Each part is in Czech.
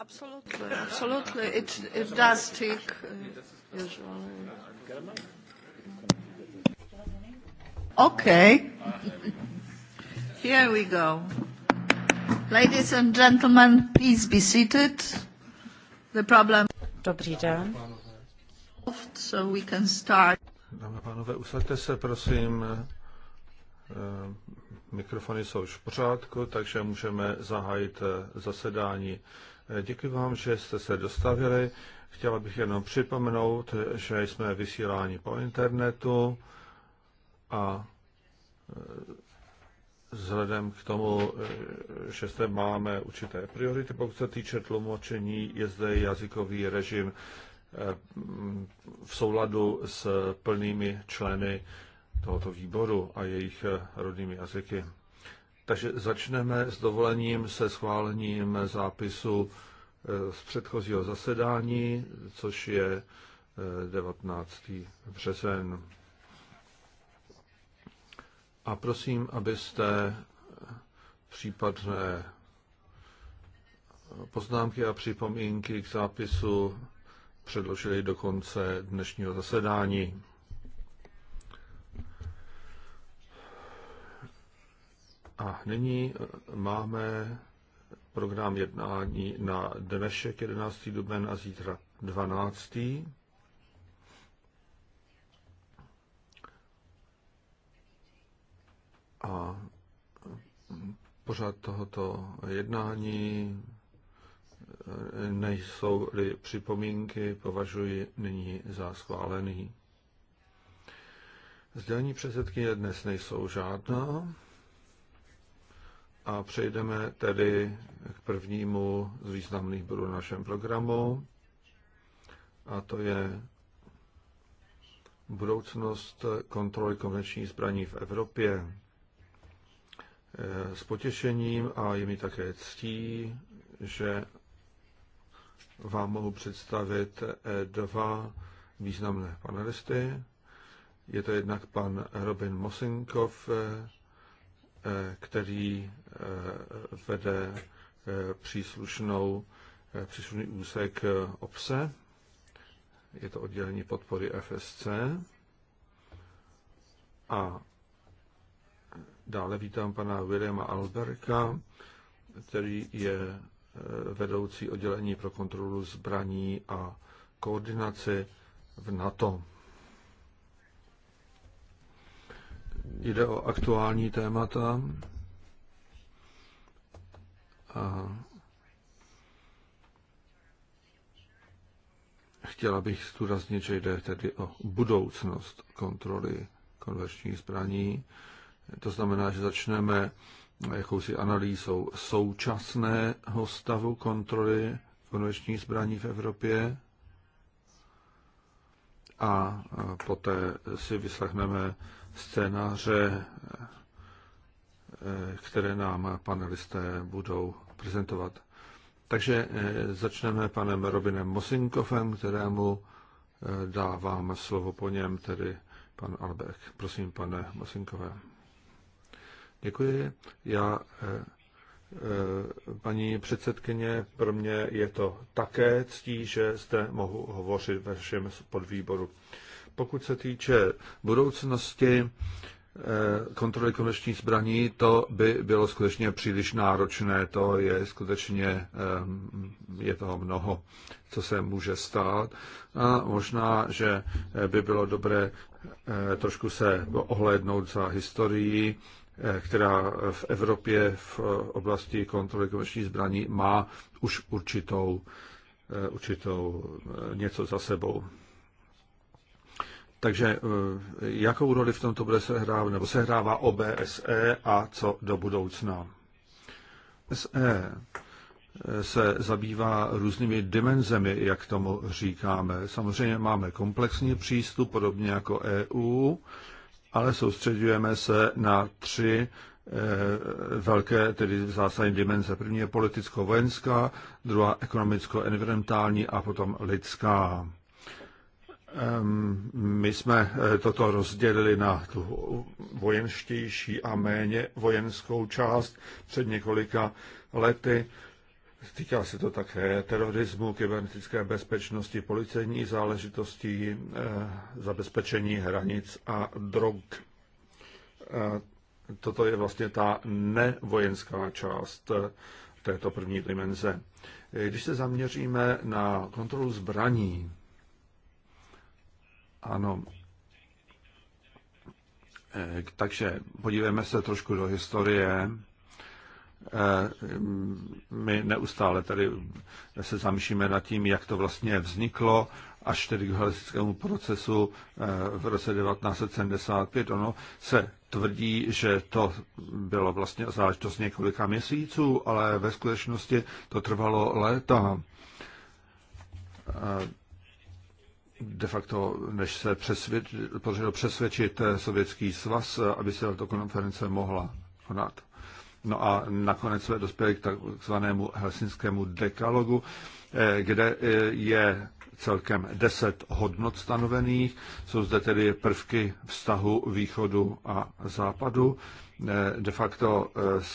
Absolutely, absolutely. It, it does take uh, usually. Okay. Here we go. Ladies and gentlemen, please be seated. The problem. Dobrý den. So we can start. Dámy a pánové, usaďte se, prosím. Eh, mikrofony jsou už v pořádku, takže můžeme zahájit eh, zasedání. Děkuji vám, že jste se dostavili. Chtěla bych jenom připomenout, že jsme vysíláni po internetu a e, vzhledem k tomu, e, že zde máme určité priority, pokud se týče tlumočení, je zde jazykový režim e, v souladu s plnými členy tohoto výboru a jejich rodnými jazyky. Takže začneme s dovolením se schválením zápisu eh, z předchozího zasedání, což je 19. Eh, březen. A prosím, abyste eh, případné poznámky a připomínky k zápisu předložili do konce dnešního zasedání. A nyní eh, máme program jednání na dnešek 11. duben a zítra 12. A pořád tohoto jednání eh, nejsou-li připomínky, považuji nyní za schválený. Sdělení předsedkyně dnes nejsou žádná. A přejdeme tedy k prvnímu z významných bodů našem programu, a to je budoucnost kontroly konvenčních zbraní v Evropě. S potěšením a je mi také ctí, že vám mohu představit dva významné panelisty. Je to jednak pan Robin Mosinkov, který eh, vede eh, příslušnou, eh, příslušný úsek obse. Je to oddělení podpory FSC. A dále vítám pana Williama Alberka, který je vedoucí oddělení pro kontrolu zbraní a koordinaci v NATO. Jde o aktuální témata. A chtěla bych zdůraznit, že jde tedy o budoucnost kontroly konverčních zbraní. To znamená, že začneme jakousi analýzou současného stavu kontroly konvenčních zbraní v Evropě a poté si vyslechneme scénáře, eh, které nám panelisté budou prezentovat. Takže eh, začneme panem Robinem Mosinkovem, kterému eh, dávám slovo po něm, tedy pan Albeck. Prosím, pane Mosinkové. Děkuji. Já, paní předsedkyně, pro mě je to také ctí, že zde mohu hovořit ve všem podvýboru. Pokud se týče budoucnosti eh, kontroly komerční zbraní, to by bylo skutečně příliš náročné. To je skutečně, eh, je toho mnoho, co se může stát. A možná, že by bylo dobré eh, trošku se ohlédnout za historii, která v Evropě v oblasti kontroly komerční zbraní má už určitou, určitou něco za sebou. Takže eh, jakou roli v tomto bude sehrávat, nebo sehrává OBSE a co do budoucna? SE se zabývá různými dimenzemi, jak tomu říkáme. Samozřejmě máme komplexní přístup, podobně jako EU, ale soustředujeme se na tři eh, velké, tedy zásadní dimenze. První je politicko-vojenská, druhá ekonomicko-environmentální a potom lidská. Ehm, my jsme eh, toto rozdělili na tu vojenštější a méně vojenskou část před několika lety. Týká se to také terorismu, kybernetické bezpečnosti, policejní záležitostí, eh, zabezpečení hranic a drog. Eh, toto je vlastně ta nevojenská část této první dimenze. Když se zaměříme na kontrolu zbraní, ano. Eh, takže podívejme se trošku do historie. Eh, my neustále tady se zamýšlíme nad tím, jak to vlastně vzniklo až tedy k holistickému procesu eh, v roce 1975. Ono se tvrdí, že to bylo vlastně záležitost několika měsíců, ale ve skutečnosti to trvalo léta de facto, než se přesvědč, přesvědčit eh, Sovětský svaz, eh, aby se tato konference mohla konat. No a nakonec jsme dospěli k takzvanému helsinskému dekalogu, eh, kde je celkem deset hodnot stanovených. Jsou zde tedy prvky vztahu východu a západu. De facto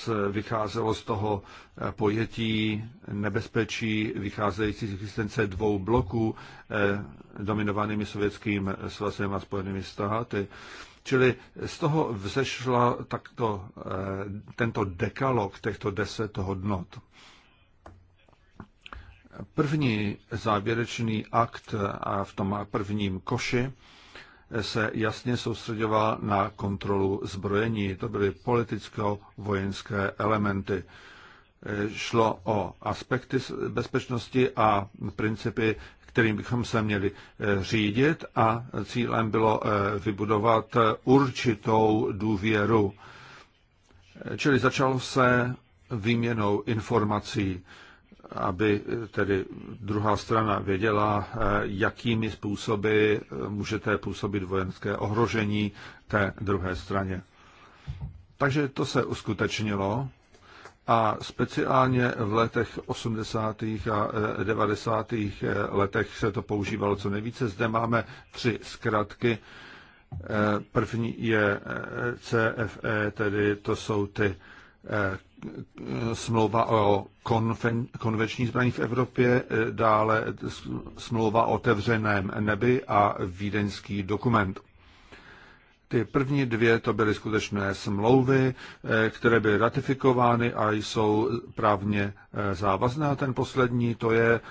eh, vycházelo z toho eh, pojetí nebezpečí vycházející z existence dvou bloků eh, dominovanými sovětským svazem a spojenými státy. Čili z toho vzešla takto, tento dekalog těchto deset hodnot. První závěrečný akt a v tom prvním koši se jasně soustředoval na kontrolu zbrojení. To byly politicko-vojenské elementy. Šlo o aspekty bezpečnosti a principy, kterým bychom se měli e, řídit a cílem bylo e, vybudovat určitou důvěru. E, čili začalo se výměnou informací aby tedy druhá strana věděla, eh, jakými způsoby eh, můžete působit vojenské ohrožení té druhé straně. Takže to se uskutečnilo a speciálně v letech 80. a 90. Eh, letech se to používalo co nejvíce. Zde máme tři zkratky. První je CFE, tedy to jsou ty smlouva o konven, konvenční zbraní v Evropě, eh, dále smlouva o otevřeném nebi a vídeňský dokument. Ty první dvě to byly skutečné smlouvy, eh, které byly ratifikovány a jsou právně eh, závazné. A ten poslední to je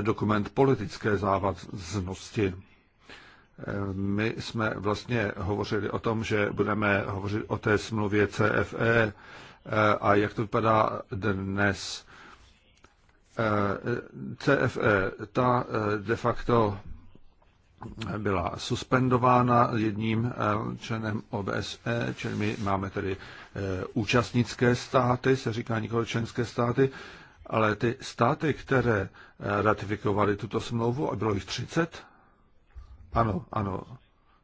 dokument politické závaznosti. My jsme vlastně hovořili o tom, že budeme hovořit o té smlouvě CFE, Eh, a jak to vypadá dnes. Eh, CFE, ta eh, de facto byla suspendována jedním členem OBSE, čili my máme tedy účastnické státy, se říká nikoli členské státy, ale ty státy, které ratifikovaly tuto smlouvu, a bylo jich 30? Ano, ano,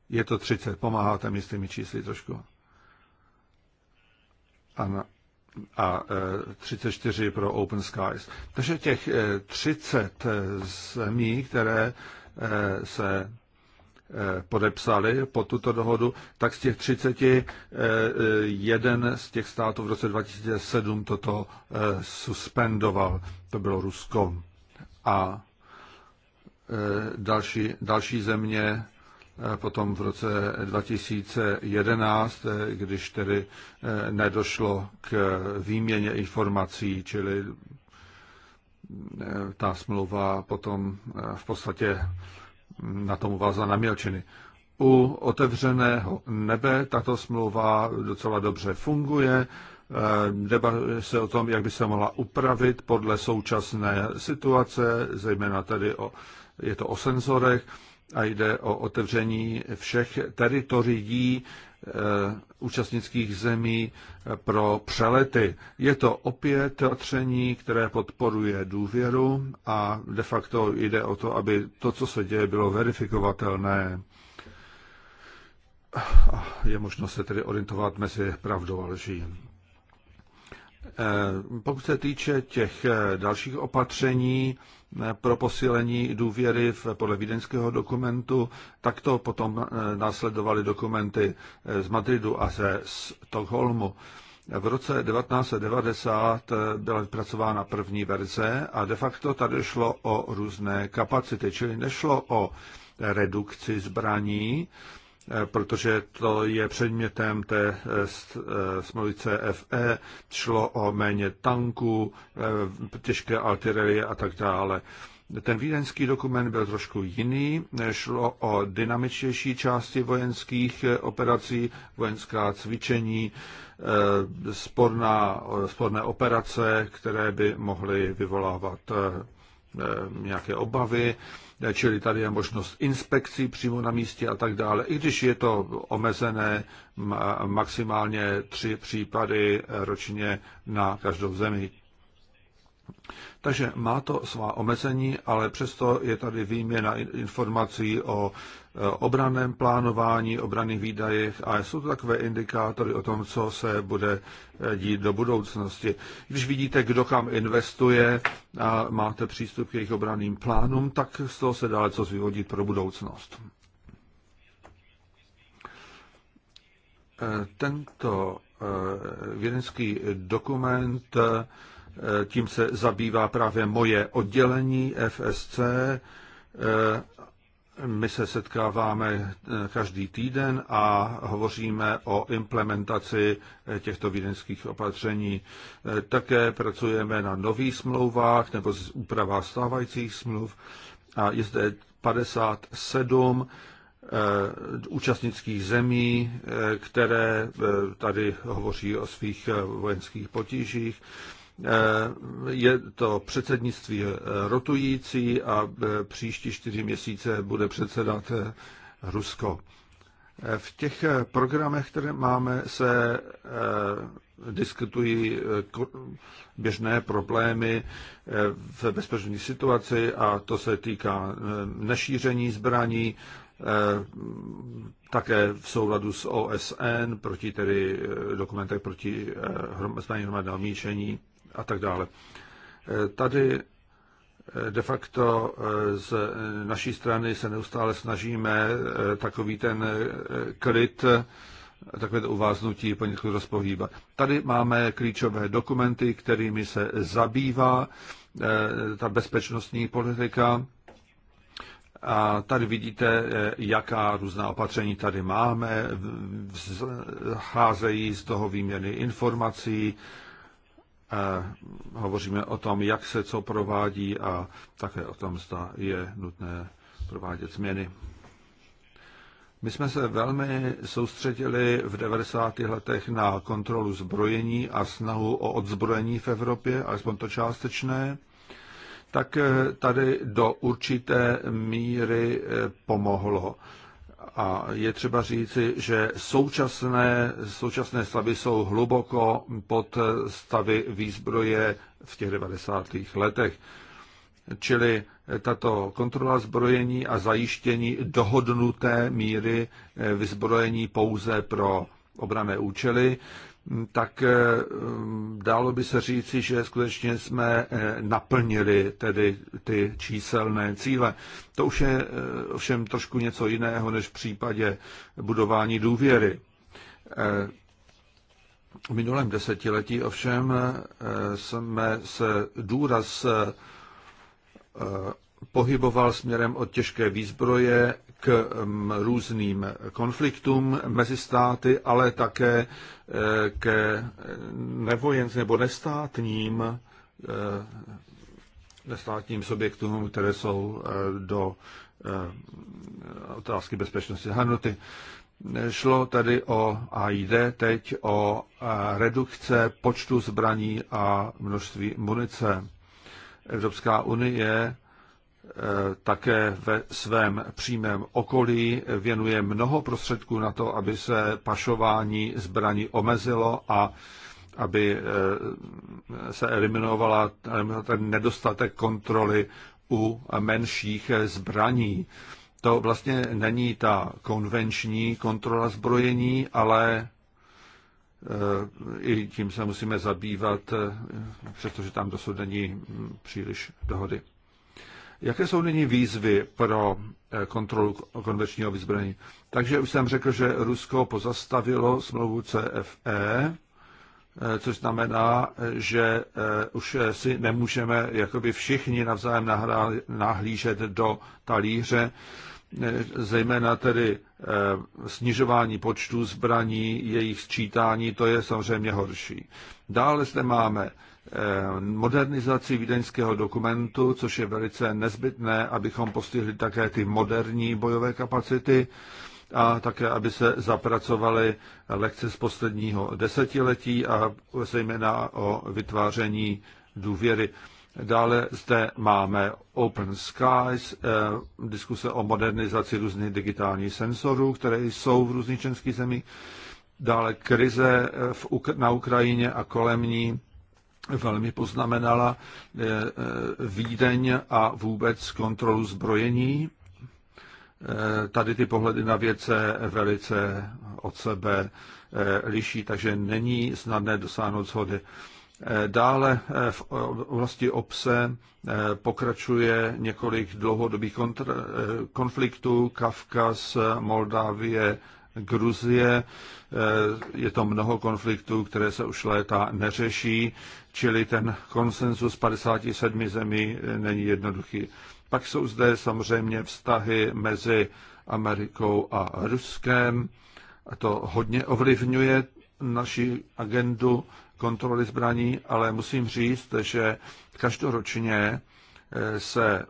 je to 30, pomáháte mi s těmi čísly trošku. Ano, a 34 e, pro Open Skies. Takže těch 30 e, e, zemí, které se podepsali po tuto dohodu, tak z těch 30 jeden z těch států v roce 2007 toto suspendoval. To bylo Rusko. A další, další země potom v roce 2011, když tedy e, nedošlo k výměně informací, čili e, ta smlouva potom e, v podstatě mm, na tom uvázla na mělčiny. U otevřeného nebe tato smlouva docela dobře funguje. Deba se o tom, jak by se mohla upravit podle současné situace, zejména tedy o, je to o senzorech a jde o otevření všech teritorií e, účastnických zemí pro přelety. Je to opět opatření, které podporuje důvěru a de facto jde o to, aby to, co se děje, bylo verifikovatelné. Je možno se tedy orientovat mezi pravdou a lží. E, pokud se týče těch e, dalších opatření, Eh, pro posílení důvěry v, podle vídeňského dokumentu. Takto potom eh, následovaly dokumenty eh, z Madridu a ze Stockholmu. V roce 1990 byla vypracována první verze a de facto tady šlo o různé kapacity, čili nešlo o redukci zbraní, Eh, protože to je předmětem té eh, eh, smlouvy CFE, šlo o méně tanků, těžké artilerie a tak dále. Ten vídeňský dokument byl trošku jiný, šlo o dynamičtější části vojenských operací, vojenská cvičení, sporná, sporné operace, které by mohly vyvolávat Eh, nějaké obavy, čili tady je možnost inspekcí přímo na místě a tak dále, i když je to omezené maximálně tři případy ročně na každou zemi. Takže má to svá omezení, ale přesto je tady výměna informací o e, obraném plánování, obraných výdajech a jsou to takové indikátory o tom, co se bude e, dít do budoucnosti. Když vidíte, kdo kam investuje a máte přístup k jejich obraným plánům, tak z toho se dále co vyvodit pro budoucnost. E, tento vědecký dokument Eh, tím se zabývá právě moje oddělení FSC. Eh, my se setkáváme eh, každý týden a hovoříme o implementaci těchto vídeňských opatření. Také pracujeme na nových smlouvách nebo úpravách stávajících smluv a je zde 57 účastnických zemí, které tady hovoří o svých vojenských potížích. Eh, je to předsednictví rotující a eh, příští čtyři měsíce bude předsedat eh, Rusko. V těch programech, které máme, se diskutují běžné problémy v bezpečné situaci a to se týká nešíření zbraní, také v souladu s OSN, proti tedy dokumentech proti zbraní hromadného míčení a tak dále. Eh, tady eh, de facto eh, z naší strany se neustále snažíme takový ten klid, takové to uváznutí poněkud rozpohýbat. Tady máme klíčové dokumenty, kterými se zabývá ta bezpečnostní politika. A tady vidíte, jaká různá opatření tady máme. Házejí z toho výměny informací, hovoříme o tom, jak se co provádí a také o tom, zda je nutné provádět změny. My jsme se velmi soustředili v 90. letech na kontrolu zbrojení a snahu o odzbrojení v Evropě, alespoň to částečné, tak eh, tady do určité míry eh, pomohlo a je třeba říci, že současné, současné stavy jsou hluboko pod stavy výzbroje v těch 90. letech. Čili tato kontrola zbrojení a zajištění dohodnuté míry eh, vyzbrojení pouze pro obrané účely tak eh, mm, dalo by se říci, že skutečně jsme eh, naplnili tedy ty číselné cíle. To už je eh, ovšem trošku něco jiného než v případě budování důvěry. V minulém desetiletí ovšem jsme se důraz pohyboval směrem od těžké výzbroje k různým konfliktům mezi státy, ale také e, ke nevojenským nebo nestátním, e, nestátním subjektům, které jsou e, do otázky bezpečnosti zahrnuty. Šlo tedy o, a jde teď o redukce počtu zbraní a množství munice. Evropská unie také ve svém přímém okolí věnuje mnoho prostředků na to, aby se pašování zbraní omezilo a aby eh, se eliminovala ten nedostatek kontroly u menších zbraní. To vlastně není ta konvenční kontrola zbrojení, ale eh, i tím se musíme zabývat, eh, přestože tam dosud není hm, příliš dohody. Jaké jsou nyní výzvy pro eh, kontrolu konvenčního vyzbrojení? Takže už jsem řekl, že Rusko pozastavilo smlouvu CFE, eh, což znamená, eh, že už si nemůžeme jakoby všichni navzájem nahlížet do talíře, zejména tedy snižování počtu zbraní, jejich sčítání, to je samozřejmě horší. Dále zde máme Eh, modernizaci vídeňského dokumentu, což je velice nezbytné, abychom postihli také ty moderní bojové kapacity a také, aby se zapracovaly lekce z posledního desetiletí a zejména o vytváření důvěry. Dále zde máme Open Skies, eh, diskuse o modernizaci různých digitálních senzorů, které jsou v různých členských zemích. Dále krize v, na Ukrajině a kolem ní velmi poznamenala eh, eh, Vídeň a vůbec kontrolu zbrojení. Eh, tady ty pohledy na věce velice od sebe liší, takže není snadné dosáhnout shody. Dále v oblasti obse pokračuje několik dlouhodobých konfliktů, Kavkaz, Moldávie, Gruzie. Je to mnoho konfliktů, které se už léta neřeší. Čili ten konsenzus 57 zemí eh, není jednoduchý. Pak jsou zde samozřejmě vztahy mezi Amerikou a Ruskem. A to hodně ovlivňuje naši agendu kontroly zbraní, ale musím říct, že každoročně eh, se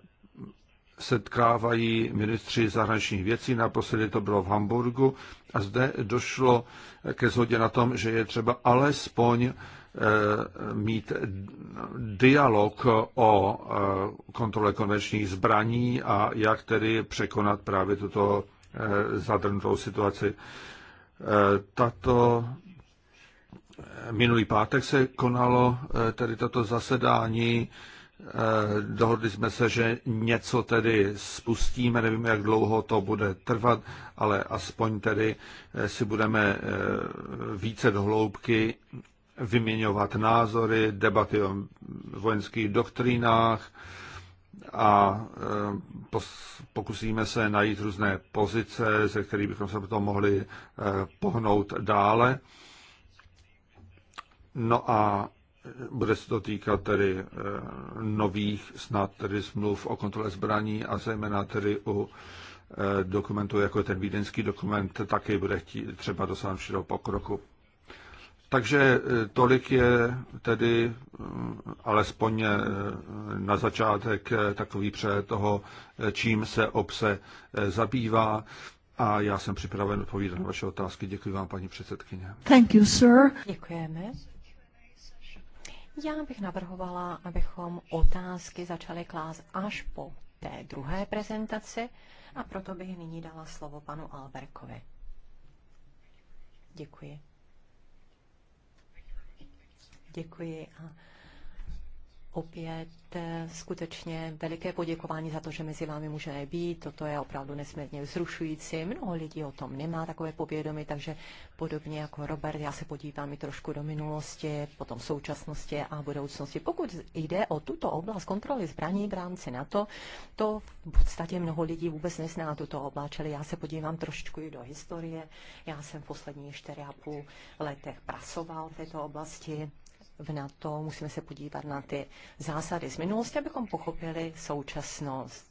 setkávají ministři zahraničních věcí, naposledy to bylo v Hamburgu a zde došlo eh, ke shodě na tom, že je třeba alespoň mít dialog o eh, kontrole konvenčních zbraní a jak tedy překonat právě tuto eh, zadrnutou situaci. Eh, tato minulý pátek se konalo tedy tato zasedání. Dohodli jsme se, že něco tedy spustíme, nevím, jak dlouho to bude trvat, ale aspoň tedy si budeme více dohloubky vyměňovat názory, debaty o vojenských doktrínách a eh, pokusíme se najít různé pozice, ze kterých bychom se potom mohli eh, pohnout dále. No a bude se to týkat tedy eh, nových snad tedy smluv o kontrole zbraní a zejména tedy u dokumentů, jako je ten vídeňský dokument, taky bude chtít třeba dosáhnout širokého pokroku. Takže e, tolik je tedy e, alespoň e, na začátek takový pře toho, čím se obse zabývá. A já jsem připraven odpovídat na vaše otázky. Děkuji vám, paní předsedkyně. Thank you, sir. Děkujeme. Já bych navrhovala, abychom otázky začali klást až po té druhé prezentaci a proto bych nyní dala slovo panu Alberkovi. Děkuji. Děkuji a opět eh, skutečně veliké poděkování za to, že mezi vámi můžeme být. Toto je opravdu nesmírně vzrušující. Mnoho lidí o tom nemá takové povědomí, takže podobně jako Robert, já se podívám i trošku do minulosti, potom současnosti a budoucnosti. Pokud jde o tuto oblast kontroly zbraní v rámci NATO, to v podstatě mnoho lidí vůbec nezná tuto oblast, čili já se podívám trošku i do historie. Já jsem v posledních 4,5 letech pracoval v této oblasti v NATO, musíme se podívat na ty zásady z minulosti, abychom pochopili současnost.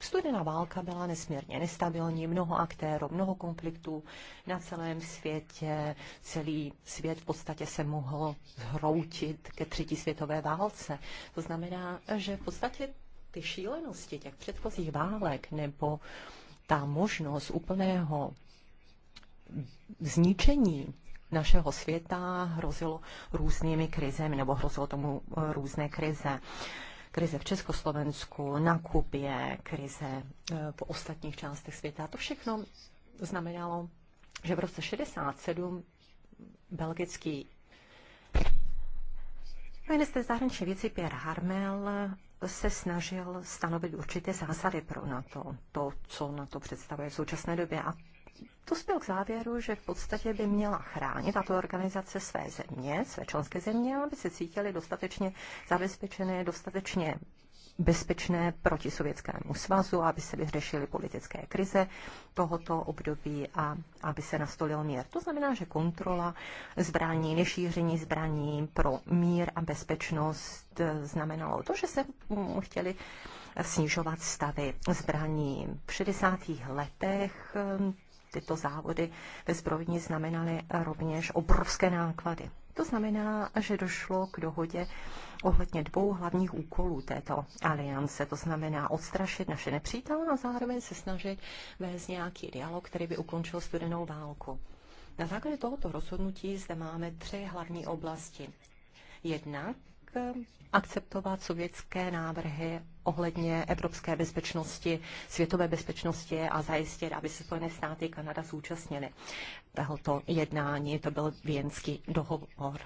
Studená válka byla nesmírně nestabilní, mnoho aktérů, mnoho konfliktů na celém světě. Celý svět v podstatě se mohl zhroutit ke třetí světové válce. To znamená, že v podstatě ty šílenosti těch předchozích válek nebo ta možnost úplného zničení našeho světa hrozilo různými krizemi, nebo hrozilo tomu eh, různé krize krize v Československu, na Kubě, krize eh, v ostatních částech světa. To všechno znamenalo, že v roce 67 belgický minister zahraničí věci Pierre Harmel se snažil stanovit určité zásady pro NATO, to, co na to představuje v současné době. A dospěl k závěru, že v podstatě by měla chránit tato organizace své země, své členské země, aby se cítili dostatečně zabezpečené, dostatečně bezpečné proti Sovětskému svazu, aby se vyřešily politické krize tohoto období a aby se nastolil mír. To znamená, že kontrola zbraní, nešíření zbraní pro mír a bezpečnost znamenalo to, že se chtěli snižovat stavy zbraní. V 60. letech tyto závody ve zbrojní znamenaly rovněž obrovské náklady. To znamená, že došlo k dohodě ohledně dvou hlavních úkolů této aliance. To znamená odstrašit naše nepřítele a zároveň se snažit vést nějaký dialog, který by ukončil studenou válku. Na základě tohoto rozhodnutí zde máme tři hlavní oblasti. Jedna akceptovat sovětské návrhy ohledně evropské bezpečnosti, světové bezpečnosti a zajistit, aby se Spojené státy Kanada zúčastnily tohoto jednání. To byl věnský dohovor.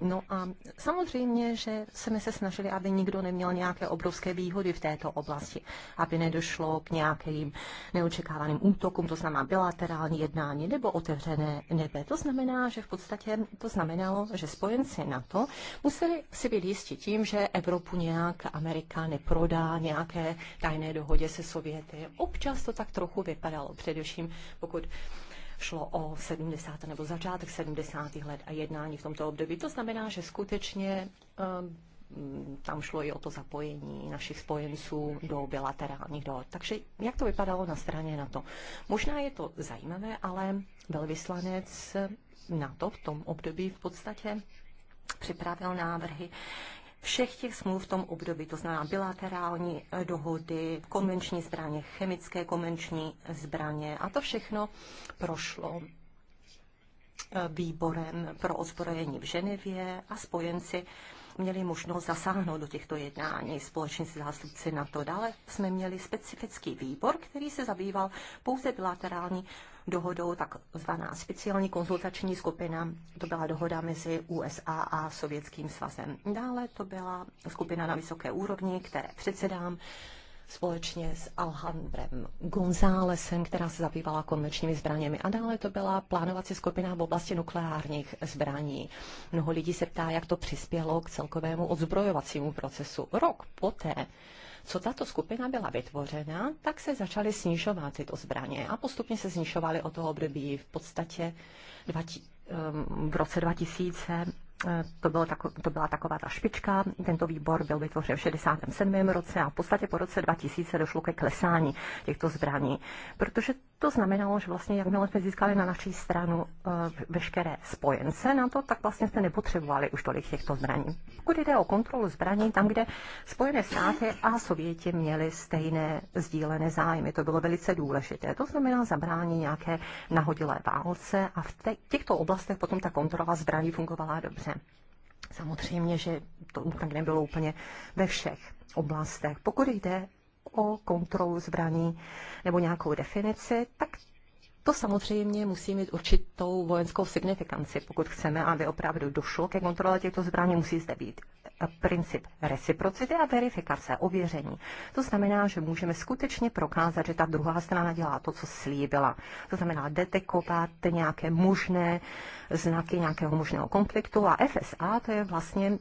No a samozřejmě, že jsme se snažili, aby nikdo neměl nějaké obrovské výhody v této oblasti, aby nedošlo k nějakým neočekávaným útokům, to znamená bilaterální jednání nebo otevřené nebe. To znamená, že v podstatě to znamenalo, že spojenci NATO museli si být jistí tím, že Evropu nějak Amerika neprodá nějaké tajné dohodě se Sověty. Občas to tak trochu vypadalo, především pokud šlo o 70. nebo začátek 70. let a jednání v tomto období. To znamená, že skutečně ehm, tam šlo i o to zapojení našich spojenců do bilaterálních dohod. Takže jak to vypadalo na straně NATO? Možná je to zajímavé, ale velvyslanec NATO v tom období v podstatě připravil návrhy všech těch smluv v tom období, to znamená bilaterální eh, dohody, konvenční zbraně, chemické konvenční zbraně a to všechno prošlo eh, výborem pro ozbrojení v Ženevě a spojenci měli možnost zasáhnout do těchto jednání společně se zástupci NATO. Dále jsme měli specifický výbor, který se zabýval pouze bilaterální dohodou, takzvaná speciální konzultační skupina, to byla dohoda mezi USA a Sovětským svazem. Dále to byla skupina na vysoké úrovni, které předsedám společně s Alhambrem Gonzálesem, která se zabývala konvenčními zbraněmi. A dále to byla plánovací skupina v oblasti nukleárních zbraní. Mnoho lidí se ptá, jak to přispělo k celkovému odzbrojovacímu procesu. Rok poté, co tato skupina byla vytvořena, tak se začaly snižovat tyto zbraně a postupně se snižovaly od toho období v podstatě ehm, v roce 2000 eh, to, bylo tako, to byla taková ta špička. Tento výbor byl vytvořen v 67. roce a v podstatě po roce 2000 došlo ke klesání těchto zbraní, protože to znamenalo, že vlastně jakmile jsme získali na naší stranu eh, veškeré spojence na to, tak vlastně jsme nepotřebovali už tolik těchto zbraní. Pokud jde o kontrolu zbraní, tam, kde Spojené státy a Sověti měli stejné sdílené zájmy, to bylo velice důležité. To znamená zabrání nějaké nahodilé válce a v těchto oblastech potom ta kontrola zbraní fungovala dobře. Samozřejmě, že to tak nebylo úplně ve všech oblastech. Pokud jde o kontrolu zbraní nebo nějakou definici, tak to samozřejmě musí mít určitou vojenskou signifikanci. Pokud chceme, aby opravdu došlo ke kontrole těchto zbraní, musí zde být princip reciprocity a verifikace, ověření. To znamená, že můžeme skutečně prokázat, že ta druhá strana dělá to, co slíbila. To znamená detekovat nějaké možné znaky nějakého možného konfliktu a FSA to je vlastně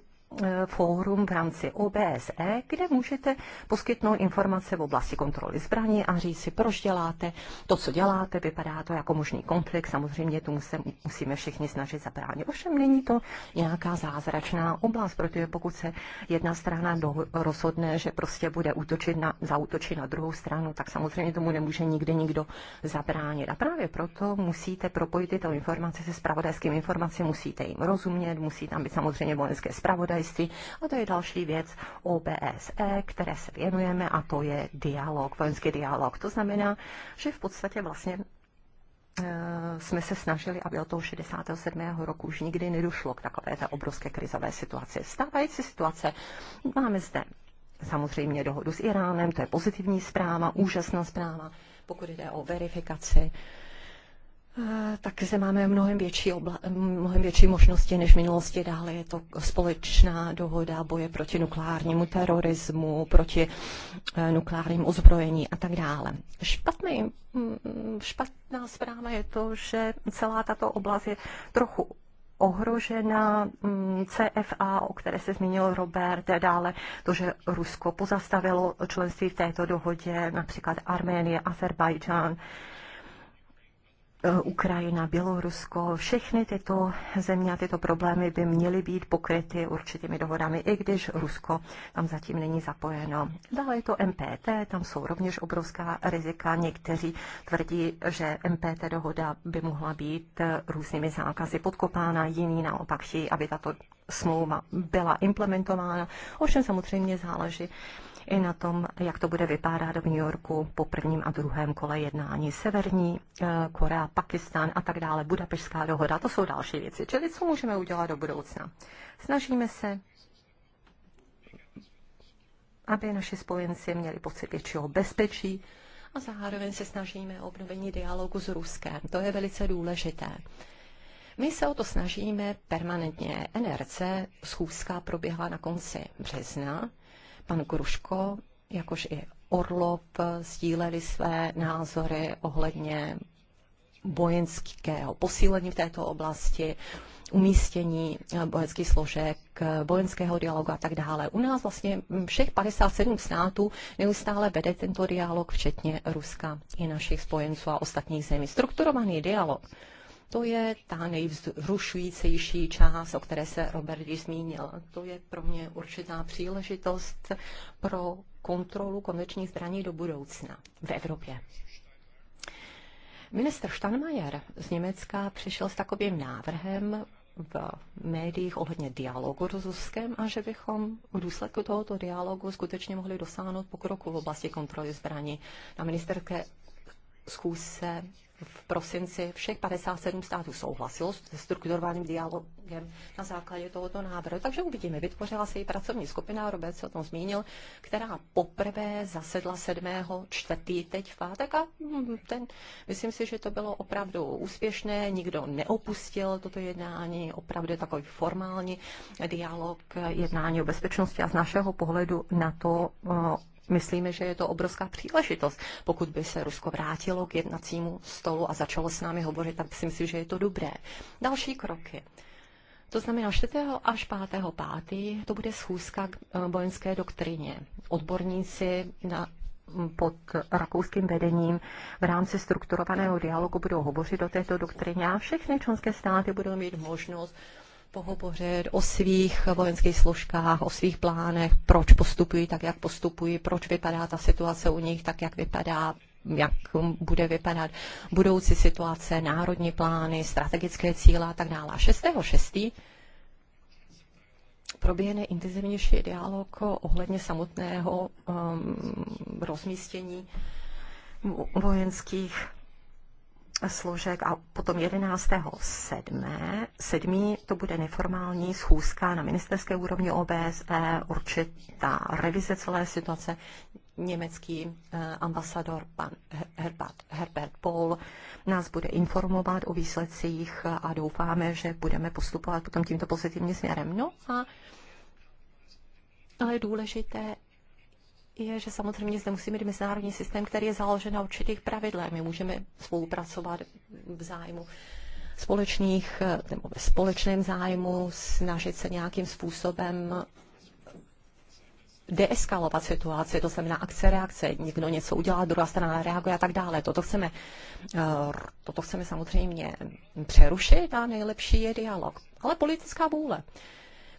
fórum v rámci OBSE, kde můžete poskytnout informace v oblasti kontroly zbraní a říct si, proč děláte to, co děláte, vypadá to jako možný konflikt, samozřejmě tomu se musíme všichni snažit zabránit. Ovšem není to nějaká zázračná oblast, protože pokud se jedna strana rozhodne, že prostě bude útočit na, zautočit na druhou stranu, tak samozřejmě tomu nemůže nikdy nikdo zabránit. A právě proto musíte propojit tyto informace se spravodajskými informacemi, musíte jim rozumět, musí tam být samozřejmě vojenské spravodaj, zpravodajství. A to je další věc OBSE, které se věnujeme, a to je dialog, vojenský dialog. To znamená, že v podstatě vlastně e, jsme se snažili, aby od toho 67. roku už nikdy nedošlo k takové té obrovské krizové situaci. Stávající situace máme zde samozřejmě dohodu s Iránem, to je pozitivní zpráva, úžasná zpráva, pokud jde o verifikaci Eh, tak se máme mnohem větší, obla- mnohem větší možnosti než v minulosti. Dále je to společná dohoda boje proti nukleárnímu terorismu, proti eh, nukleárním ozbrojení a tak dále. Špatný, mm, špatná zpráva je to, že celá tato oblast je trochu ohrožena mm, CFA, o které se zmínil Robert, dále to, že Rusko pozastavilo členství v této dohodě, například Arménie, Azerbajdžán. E, Ukrajina, Bělorusko, všechny tyto země a tyto problémy by měly být pokryty určitými dohodami, i když Rusko tam zatím není zapojeno. Dále je to MPT, tam jsou rovněž obrovská rizika. Někteří tvrdí, že MPT dohoda by mohla být e, různými zákazy podkopána, jiní naopak chtějí, aby tato smlouva byla implementována. Ovšem samozřejmě záleží i na tom, jak to bude vypadat v New Yorku po prvním a druhém kole jednání. Severní eh, Korea, Pakistan a tak dále, Budapešská dohoda, to jsou další věci. Čili co můžeme udělat do budoucna? Snažíme se aby naši spojenci měli pocit většího bezpečí a zároveň se snažíme o obnovení dialogu s Ruskem. To je velice důležité. My se o to snažíme permanentně. NRC schůzka proběhla na konci března pan Gruško, jakož i Orlov sdíleli své názory ohledně vojenského posílení v této oblasti, umístění vojenských složek, vojenského dialogu a tak dále. U nás vlastně všech 57 států neustále vede tento dialog, včetně Ruska i našich spojenců a ostatních zemí. Strukturovaný dialog to je ta nejvzrušujícejší část, o které se Robert již zmínil. To je pro mě určitá příležitost pro kontrolu konečných zbraní do budoucna v Evropě. Minister Steinmeier z Německa přišel s takovým návrhem v médiích ohledně dialogu s Ruskem a že bychom v důsledku tohoto dialogu skutečně mohli dosáhnout pokroku v oblasti kontroly zbraní. Na ministerské schůzce v prosinci všech 57 států souhlasilo se strukturovaným dialogem na základě tohoto návrhu. Takže uvidíme. Vytvořila se i pracovní skupina, Robert se o tom zmínil, která poprvé zasedla 7. čtvrtý teď v pátek a hm, ten, myslím si, že to bylo opravdu úspěšné, nikdo neopustil toto jednání, opravdu takový formální dialog jednání o bezpečnosti a z našeho pohledu na to eh, myslíme, že je to obrovská příležitost. Pokud by se Rusko vrátilo k jednacímu stolu a začalo s námi hovořit, tak si myslím, že je to dobré. Další kroky. To znamená 4. až 5. 5. to bude schůzka k eh, vojenské doktrině. Odborníci na pod rakouským vedením v rámci strukturovaného dialogu budou hovořit o této doktrině a všechny členské státy budou mít možnost uh, pohovořit o svých vojenských složkách, o svých plánech, proč postupují tak, jak postupují, proč vypadá ta situace u nich tak, jak vypadá, jak bude vypadat budoucí situace, národní plány, strategické cíle a tak dále. 6.6. proběhne intenzivnější dialog ohledně samotného um, rozmístění vojenských složek a potom 11. 7. 7. to bude neformální schůzka na ministerské úrovni OBSE, určitá revize celé situace. Německý eh, ambasador pan Herbert, Herbert Paul nás bude informovat o výsledcích a doufáme, že budeme postupovat potom tímto pozitivním směrem. No a ale důležité je, že samozřejmě zde musí mít mezinárodní systém, který je založen na určitých pravidlech. My můžeme spolupracovat v zájmu společných eh, nebo ve společném zájmu, snažit se nějakým způsobem deeskalovat situaci, to znamená akce, reakce, někdo něco udělá, druhá strana reaguje a tak dále. Toto chceme, eh, toto chceme samozřejmě přerušit a nejlepší je dialog, ale politická vůle.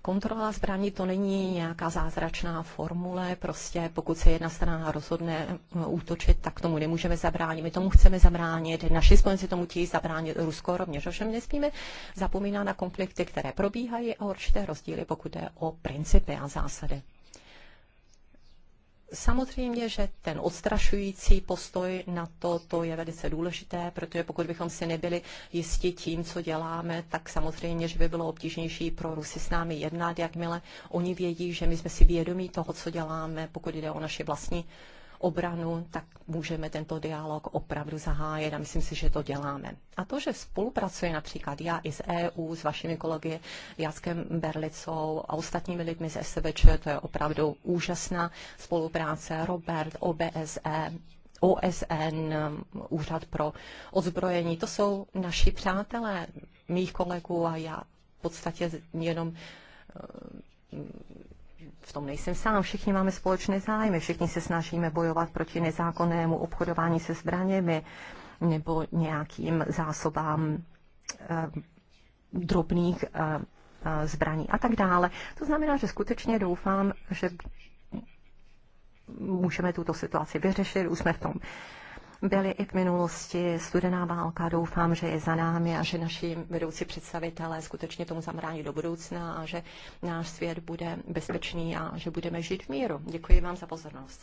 Kontrola zbraní to není nějaká zázračná formule, prostě pokud se jedna strana rozhodne eh, útočit, tak tomu nemůžeme zabránit, my tomu chceme zabránit, naši spojenci tomu chtějí zabránit, Rusko rovněž. Ovšem nespíme, zapomínat na konflikty, které probíhají a určité rozdíly, pokud jde o principy a zásady. Samozřejmě, že ten odstrašující postoj na to, to je velice důležité, protože pokud bychom si nebyli jisti tím, co děláme, tak samozřejmě, že by bylo obtížnější pro Rusy s námi jednat, jakmile oni vědí, že my jsme si vědomí toho, co děláme, pokud jde o naši vlastní obranu, tak můžeme tento dialog opravdu zahájit a myslím si, že to děláme. A to, že spolupracuje například já i z EU, s vašimi kolegy Jackem Berlicou a ostatními lidmi z SVČ, to je opravdu úžasná spolupráce. Robert, OBSE, OSN, Úřad pro ozbrojení, to jsou naši přátelé, mých kolegů a já v podstatě jenom v tom nejsem sám, všichni máme společné zájmy, všichni se snažíme bojovat proti nezákonnému obchodování se zbraněmi nebo nějakým zásobám eh, drobných eh, eh, zbraní a tak dále. To znamená, že skutečně doufám, že můžeme tuto situaci vyřešit, už jsme v tom byly i k minulosti. Studená válka, doufám, že je za námi a že naši vedoucí představitelé skutečně tomu zamrání do budoucna a že náš svět bude bezpečný a že budeme žít v míru. Děkuji vám za pozornost.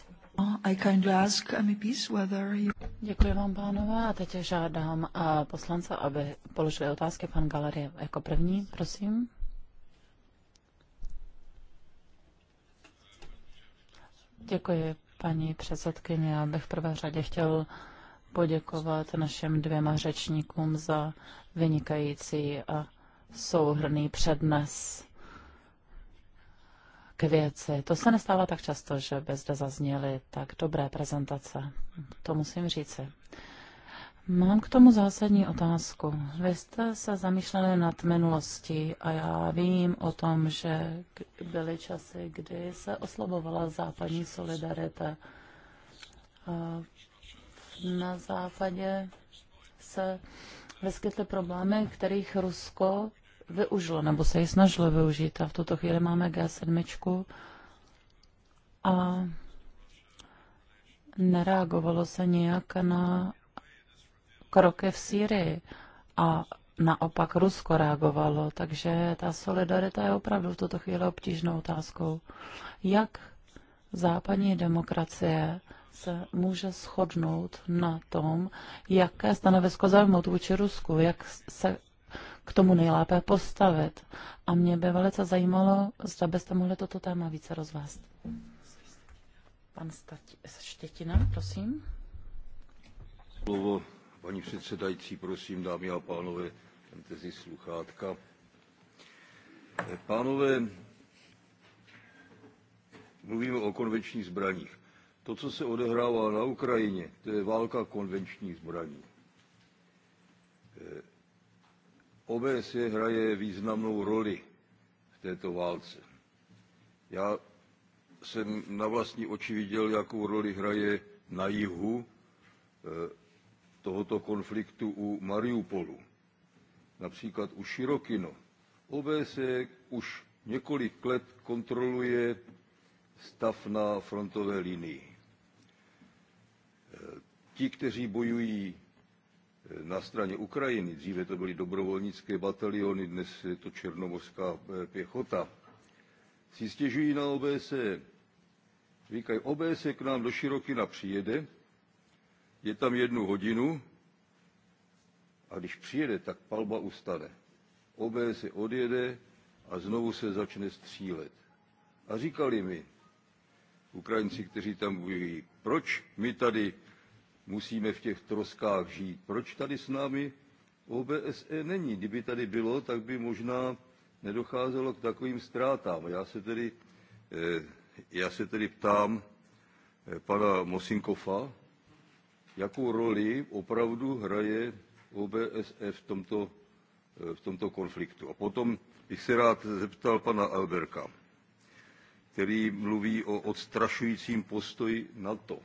I kindly ask MEPs whether you... Děkuji vám, pánové, a teď žádám eh, poslance, aby položili otázky. Pan Galerie jako první, prosím. Děkuji, paní předsedkyně. Já bych v prvé řadě chtěl poděkovat našem dvěma řečníkům za vynikající a souhrný přednes k věci. To se nestává tak často, že by zde zazněly tak dobré prezentace. To musím říci. Mám k tomu zásadní otázku. Vy jste se zamýšleli nad minulostí a já vím o tom, že byly časy, kdy se oslabovala západní solidarita. A na západě se vyskytly problémy, kterých Rusko využilo, nebo se ji snažilo využít. A v tuto chvíli máme G7 a nereagovalo se nijak na kroky v Sýrii a naopak Rusko reagovalo, takže ta solidarita je opravdu v tuto chvíli obtížnou otázkou. Jak západní demokracie se může shodnout na tom, jaké stanovisko zaujmout vůči Rusku, jak se k tomu nejlépe postavit. A mě by velice zajímalo, zda byste mohli toto téma více rozvést. Pan Štětina, prosím. Slovo Paní předsedající, prosím, dámy a pánové, vemte si sluchátka. Pánové, mluvíme o konvenčních zbraních. To, co se odehrává na Ukrajině, to je válka konvenčních zbraní. OBSE hraje významnou roli v této válce. Já jsem na vlastní oči viděl, jakou roli hraje na jihu eh, tohoto konfliktu u Mariupolu, například u Širokino. OBSE už několik let kontroluje stav na frontové linii. E, ti, kteří bojují e, na straně Ukrajiny, dříve to byly dobrovolnické bataliony, dnes je to černomorská e, pěchota, si stěžují na OBSE. Říkají, OBSE k nám do Širokina přijede, je tam jednu hodinu a když přijede, tak palba ustane. OBS se odjede a znovu se začne střílet. A říkali mi, Ukrajinci, kteří tam bojují, proč my tady musíme v těch troskách žít, proč tady s námi OBSE není. Kdyby tady bylo, tak by možná nedocházelo k takovým ztrátám. Já se tedy, eh, já se tedy ptám eh, pana Mosinkofa, jakou roli opravdu hraje OBSE v tomto, eh, v tomto konfliktu. A potom bych se rád zeptal pana Alberka, který mluví o odstrašujícím postoji NATO.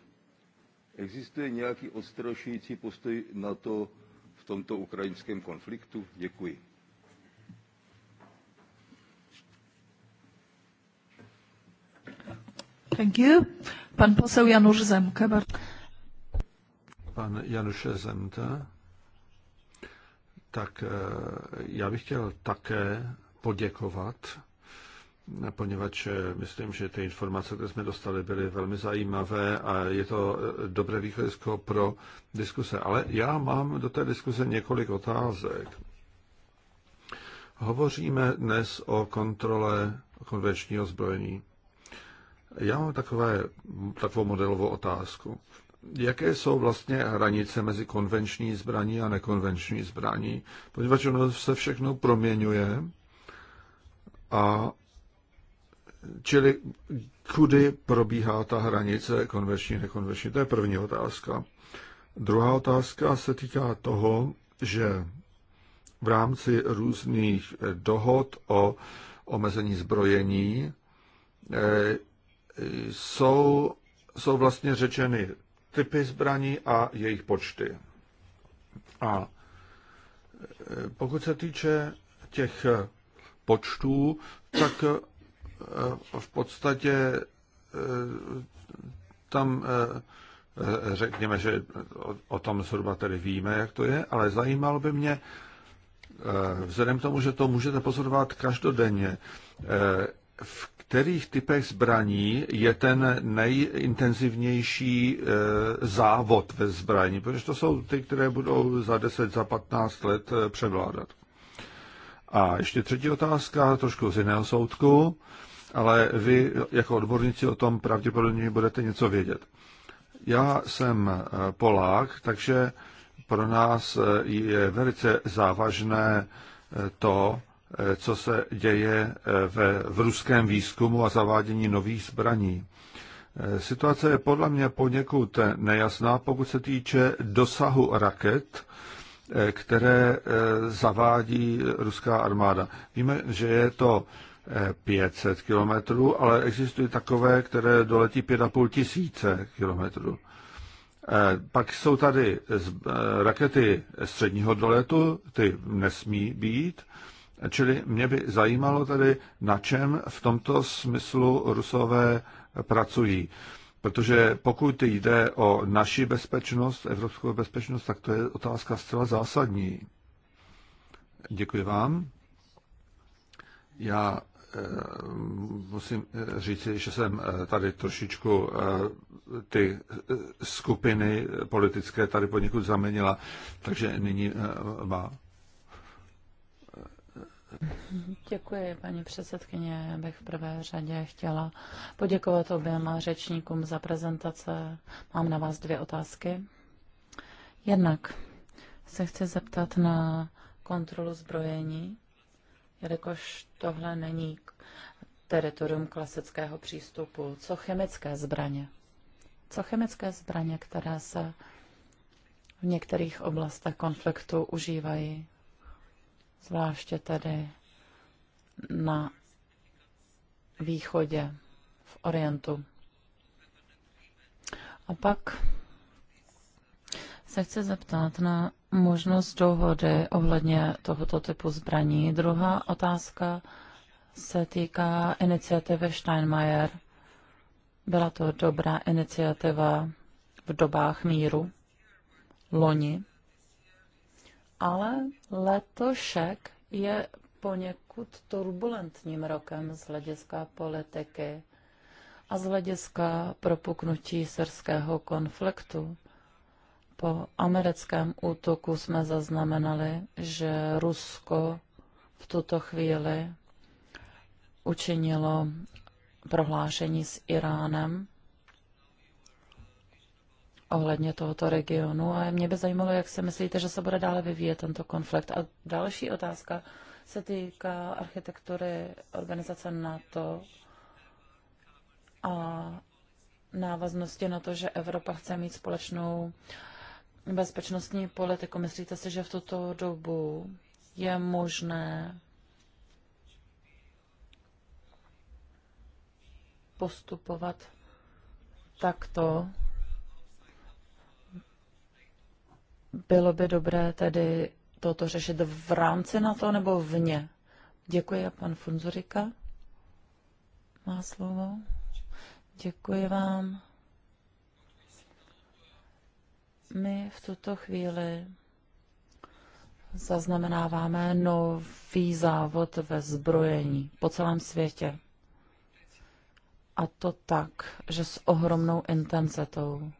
Existuje nějaký odstrašující postoj NATO v tomto ukrajinském konfliktu? Děkuji. Thank you. Pan poseł Janusz Zemke. Bardzo pan Januše Zemta, tak eh, já bych chtěl také poděkovat, poněvadž eh, myslím, že ty informace, které jsme dostali, byly velmi zajímavé a je to eh, dobré východisko pro diskuse. Ale já mám do té diskuse několik otázek. Hovoříme dnes o kontrole konvenčního zbrojení. Já mám takové, takovou modelovou otázku jaké jsou vlastně hranice mezi konvenční zbraní a nekonvenční zbraní, poněvadž ono se všechno proměňuje a čili kudy probíhá ta hranice konvenční, nekonvenční. To je první otázka. Druhá otázka se týká toho, že v rámci různých dohod o omezení zbrojení eh, jsou, jsou vlastně řečeny typy zbraní a jejich počty. A e, pokud se týče těch počtů, tak e, v podstatě e, tam řekněme, že o tom zhruba tedy víme, jak to je, ale zajímalo by mě, vzhledem k tomu, že to můžete pozorovat každodenně, v kterých typech zbraní je ten nejintenzivnější eh, závod ve zbraní, protože to jsou ty, které budou za 10, za 15 let eh, převládat. A ještě třetí otázka, trošku z jiného soudku, ale vy jako odborníci o tom pravděpodobně budete něco vědět. Já jsem eh, Polák, takže pro nás je velice závažné to, Eh, co se děje eh, v, v ruském výzkumu a zavádění nových zbraní. Eh, situace je podle mě poněkud nejasná, pokud se týče dosahu raket, které zavádí ruská armáda. Víme, že je to 500 kilometrů, ale existují takové, které doletí 5,5 tisíce kilometrů. Pak jsou tady rakety středního doletu, ty nesmí být, Čili mě by zajímalo tedy, na čem v tomto smyslu rusové pracují. Protože pokud jde o naši bezpečnost, evropskou bezpečnost, tak to je otázka zcela zásadní. Děkuji vám. Já eh, musím eh, říci, že jsem eh, tady trošičku ty skupiny politické tady poněkud zamenila, takže nyní má Děkuji, paní předsedkyně. Já bych v prvé řadě chtěla poděkovat oběma řečníkům za prezentace. Mám na vás dvě otázky. Jednak se chci zeptat na kontrolu zbrojení, jelikož tohle není teritorium klasického přístupu. Co chemické zbraně? Co chemické zbraně, které se v některých oblastech konfliktu užívají zvláště tedy na východě, v Orientu. A pak se chci zeptat na možnost dohody ohledně tohoto typu zbraní. Druhá otázka se týká iniciativy Steinmeier. Byla to dobrá iniciativa v dobách míru, loni ale letošek je poněkud turbulentním rokem z hlediska politiky a z hlediska propuknutí syrského konfliktu. Po americkém útoku jsme zaznamenali, že Rusko v tuto chvíli učinilo prohlášení s Iránem ohledně tohoto regionu a mě by zajímalo, jak se myslíte, že se bude dále vyvíjet tento konflikt. A další otázka se týká architektury organizace NATO a návaznosti na to, že Evropa chce mít společnou bezpečnostní politiku. Myslíte si, že v tuto dobu je možné postupovat takto? Bylo by dobré tedy toto řešit v rámci na to nebo vně? Děkuji, pan Funzurika má slovo. Děkuji vám. My v tuto chvíli zaznamenáváme nový závod ve zbrojení po celém světě. A to tak, že s ohromnou intenzitou.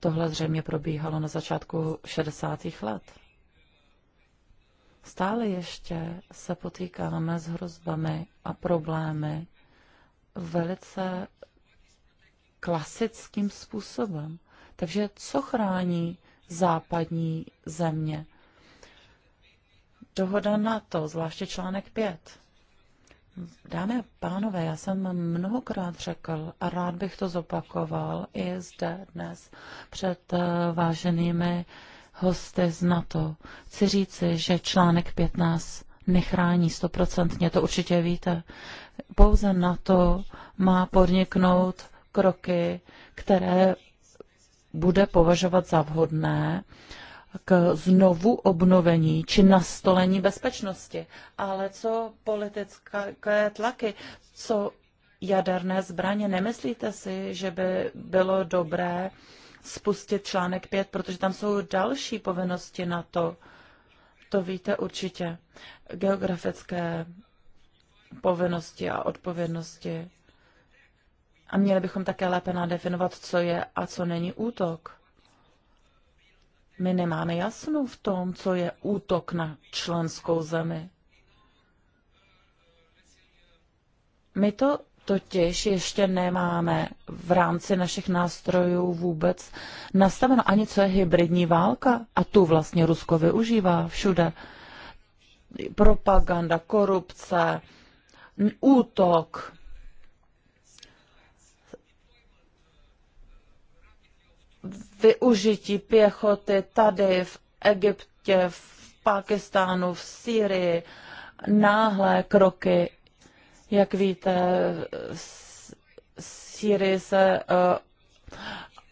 Tohle zřejmě probíhalo na začátku 60. let. Stále ještě se potýkáme s hrozbami a problémy velice klasickým způsobem. Takže co chrání západní země? Dohoda na to, zvláště článek 5. Dámy a pánové, já jsem mnohokrát řekl a rád bych to zopakoval i zde dnes před eh, váženými hosty z NATO. Chci říci, že článek 15 nechrání stoprocentně, to určitě víte. Pouze NATO má podniknout kroky, které bude považovat za vhodné k znovu obnovení či nastolení bezpečnosti. Ale co politické tlaky, co jaderné zbraně, nemyslíte si, že by bylo dobré spustit článek 5, protože tam jsou další povinnosti na to. To víte určitě. Geografické povinnosti a odpovědnosti. A měli bychom také lépe nadefinovat, co je a co není útok. My nemáme jasno v tom, co je útok na členskou zemi. My to totiž ještě nemáme v rámci našich nástrojů vůbec nastaveno ani co je hybridní válka. A tu vlastně Rusko využívá všude. Propaganda, korupce, útok, využití pěchoty tady v Egyptě, v Pákistánu, v Sýrii, náhlé kroky. Jak víte, v Sýrii se uh,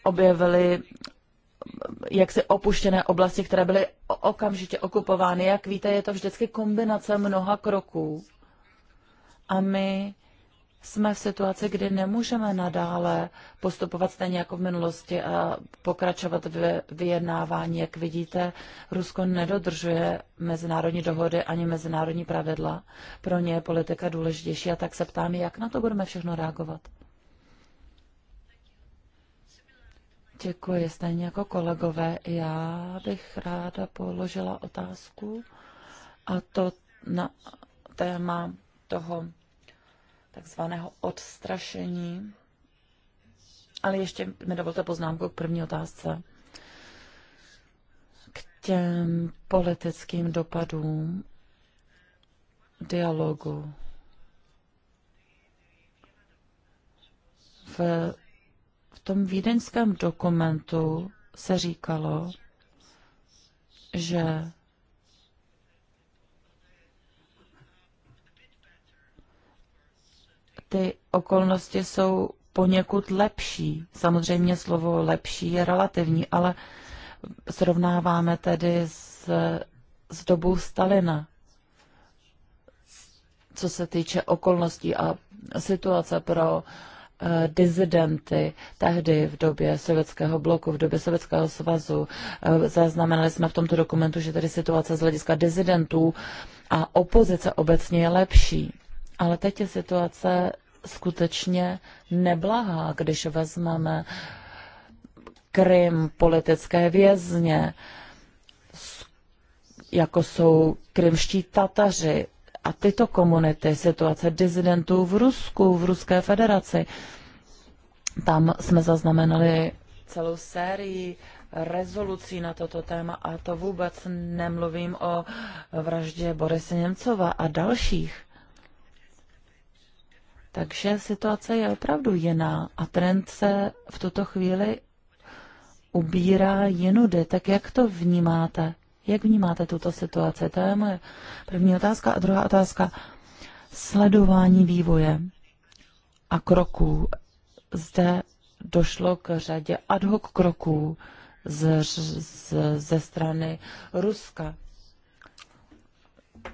objevily jaksi opuštěné oblasti, které byly okamžitě okupovány. Jak víte, je to vždycky kombinace mnoha kroků. A my jsme v situaci, kdy nemůžeme nadále postupovat stejně jako v minulosti a pokračovat v vyjednávání. Jak vidíte, Rusko nedodržuje mezinárodní dohody ani mezinárodní pravidla. Pro ně je politika důležitější a tak se ptám, jak na to budeme všechno reagovat. Děkuji. Stejně jako kolegové, já bych ráda položila otázku a to na téma toho takzvaného odstrašení. Ale ještě mi dovolte poznámku k první otázce. K těm politickým dopadům dialogu v, v tom vídeňském dokumentu se říkalo, že ty okolnosti jsou poněkud lepší. Samozřejmě slovo lepší je relativní, ale srovnáváme tedy s, s dobou Stalina, co se týče okolností a situace pro uh, dizidenty tehdy v době sovětského bloku, v době sovětského svazu. Uh, zaznamenali jsme v tomto dokumentu, že tedy situace z hlediska dizidentů a opozice obecně je lepší. Ale teď je situace skutečně neblahá, když vezmeme Krym, politické vězně, jako jsou krymští Tataři a tyto komunity, situace dizidentů v Rusku, v Ruské federaci. Tam jsme zaznamenali celou sérii rezolucí na toto téma a to vůbec nemluvím o vraždě Borise Němcova a dalších. Takže situace je opravdu jiná a trend se v tuto chvíli ubírá jinudy. Tak jak to vnímáte? Jak vnímáte tuto situaci? To je moje první otázka. A druhá otázka. Sledování vývoje a kroků. Zde došlo k řadě ad hoc kroků z, z, ze strany Ruska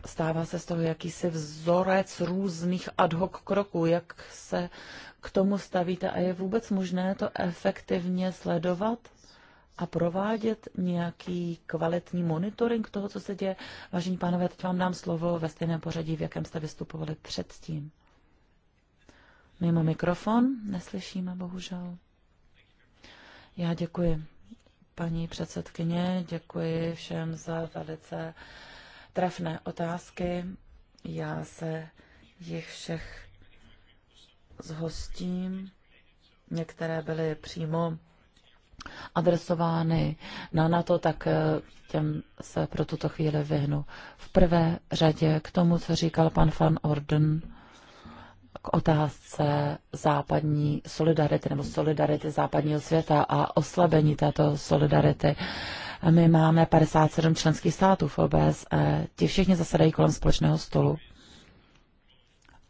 stává se z toho jakýsi vzorec různých ad hoc kroků. Jak se k tomu stavíte a je vůbec možné to efektivně sledovat a provádět nějaký kvalitní monitoring toho, co se děje? Vážení pánové, teď vám dám slovo ve stejném pořadí, v jakém jste vystupovali předtím. Mimo mikrofon neslyšíme, bohužel. Já děkuji paní předsedkyně, děkuji všem za velice uh, trefné otázky. Já se jich všech zhostím. Některé byly přímo adresovány na NATO, tak eh, těm se pro tuto chvíli vyhnu. V prvé řadě k tomu, co říkal pan van Orden, k otázce západní solidarity nebo solidarity západního světa a oslabení této solidarity. My máme 57 členských států v OBSE, eh, ti všichni zasedají kolem společného stolu.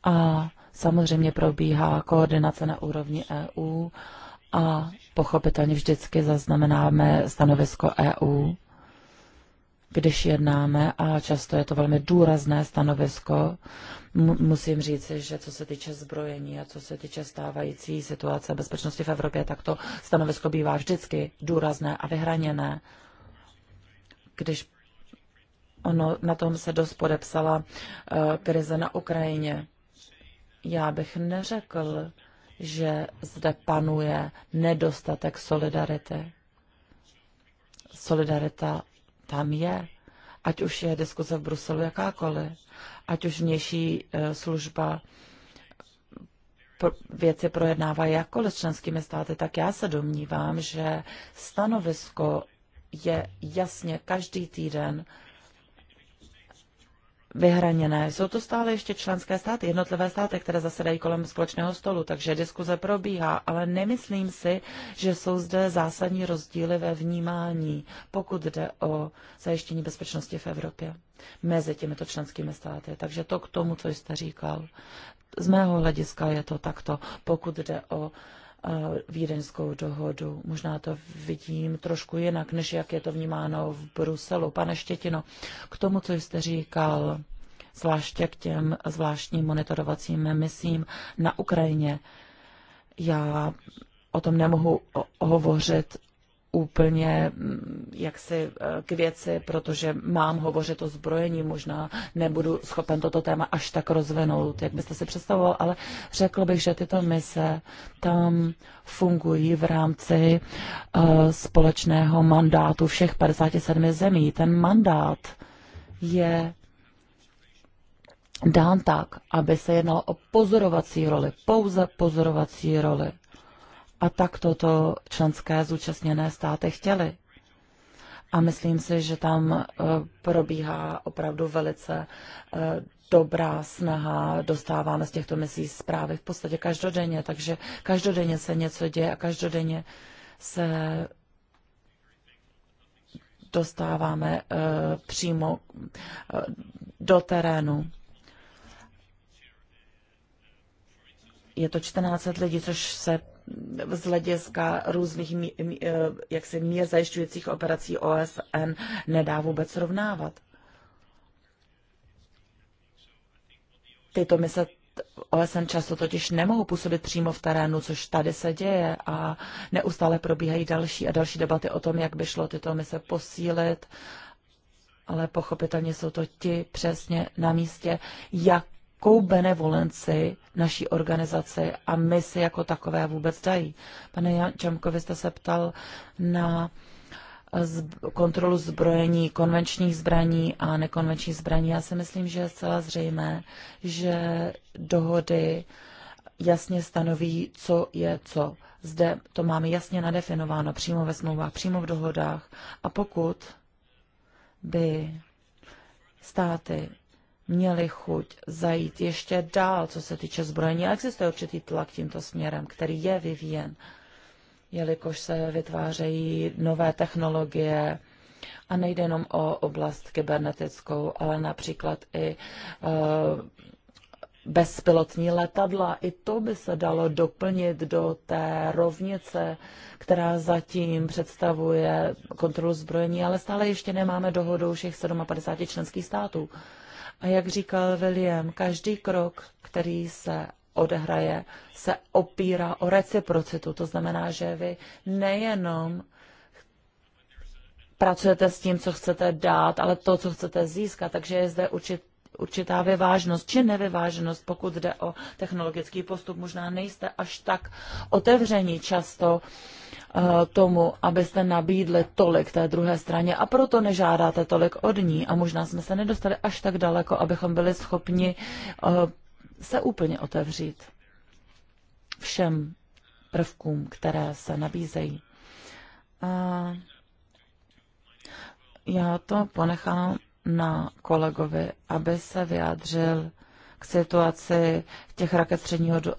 A samozřejmě probíhá koordinace na úrovni EU a pochopitelně vždycky zaznamenáme stanovisko EU, když jednáme a často je to velmi důrazné stanovisko. Musím říct, že co se týče zbrojení a co se týče stávající situace bezpečnosti v Evropě, tak to stanovisko bývá vždycky důrazné a vyhraněné když ono na tom se dost podepsala eh, krize na Ukrajině. Já bych neřekl, že zde panuje nedostatek solidarity. Solidarita tam je, ať už je diskuze v Bruselu jakákoliv, ať už vnější eh, služba věci projednává jakkoliv s členskými státy, tak já se domnívám, že stanovisko je jasně každý týden vyhraněné. Jsou to stále ještě členské státy, jednotlivé státy, které zasedají kolem společného stolu, takže diskuze probíhá, ale nemyslím si, že jsou zde zásadní rozdíly ve vnímání, pokud jde o zajištění bezpečnosti v Evropě mezi těmito členskými státy. Takže to k tomu, co jste říkal. Z mého hlediska je to takto, pokud jde o vídeňskou dohodu. Možná to vidím trošku jinak, než jak je to vnímáno v Bruselu. Pane Štětino, k tomu, co jste říkal, zvláště k těm zvláštním monitorovacím misím na Ukrajině, já o tom nemohu hovořit úplně mm, jaksi eh, k věci, protože mám hovořit o zbrojení, možná nebudu schopen toto téma až tak rozvinout, jak byste si představoval, ale řekl bych, že tyto mise tam fungují v rámci uh, společného mandátu všech 57 zemí. Ten mandát je dán tak, aby se jednalo o pozorovací roli, pouze pozorovací roli. A tak toto členské zúčastněné státy chtěly. A myslím si, že tam e, probíhá opravdu velice e, dobrá snaha, dostáváme z těchto misí zprávy v podstatě každodenně, takže každodenně se něco děje a každodenně se dostáváme e, přímo do terénu. Je to 14 lidí, což se z hlediska různých eh, jak se mír zajišťujících operací OSN nedá vůbec srovnávat. Tyto mise OSN často totiž nemohou působit přímo v terénu, což tady se děje a neustále probíhají další a další debaty o tom, jak by šlo tyto mise posílit, ale pochopitelně jsou to ti přesně na místě, jak jakou benevolenci naší organizaci a my si jako takové vůbec dají. Pane Čamko, vy jste se ptal na kontrolu zbrojení, konvenčních zbraní a nekonvenčních zbraní. Já si myslím, že je zcela zřejmé, že dohody jasně stanoví, co je co. Zde to máme jasně nadefinováno přímo ve smlouvách, přímo v dohodách. A pokud by státy měli chuť zajít ještě dál, co se týče zbrojení. A existuje určitý tlak tímto směrem, který je vyvíjen, jelikož se vytvářejí nové technologie a nejde jenom o oblast kybernetickou, ale například i uh, bezpilotní letadla. I to by se dalo doplnit do té rovnice, která zatím představuje kontrolu zbrojení, ale stále ještě nemáme dohodu všech 57 členských států. Uh, a jak říkal William, každý krok, který se odehraje, se opírá o reciprocitu. To znamená, že vy nejenom pracujete s tím, co chcete dát, ale to, co chcete získat. Takže je zde určitý určitá vyváženost či nevyváženost, pokud jde o technologický postup. Možná nejste až tak otevření často eh, tomu, abyste nabídli tolik té druhé straně a proto nežádáte tolik od ní a možná jsme se nedostali až tak daleko, abychom byli schopni eh, se úplně otevřít všem prvkům, které se nabízejí. Eh, já to ponechám na kolegovi, aby se vyjádřil k situaci těch raket středního do,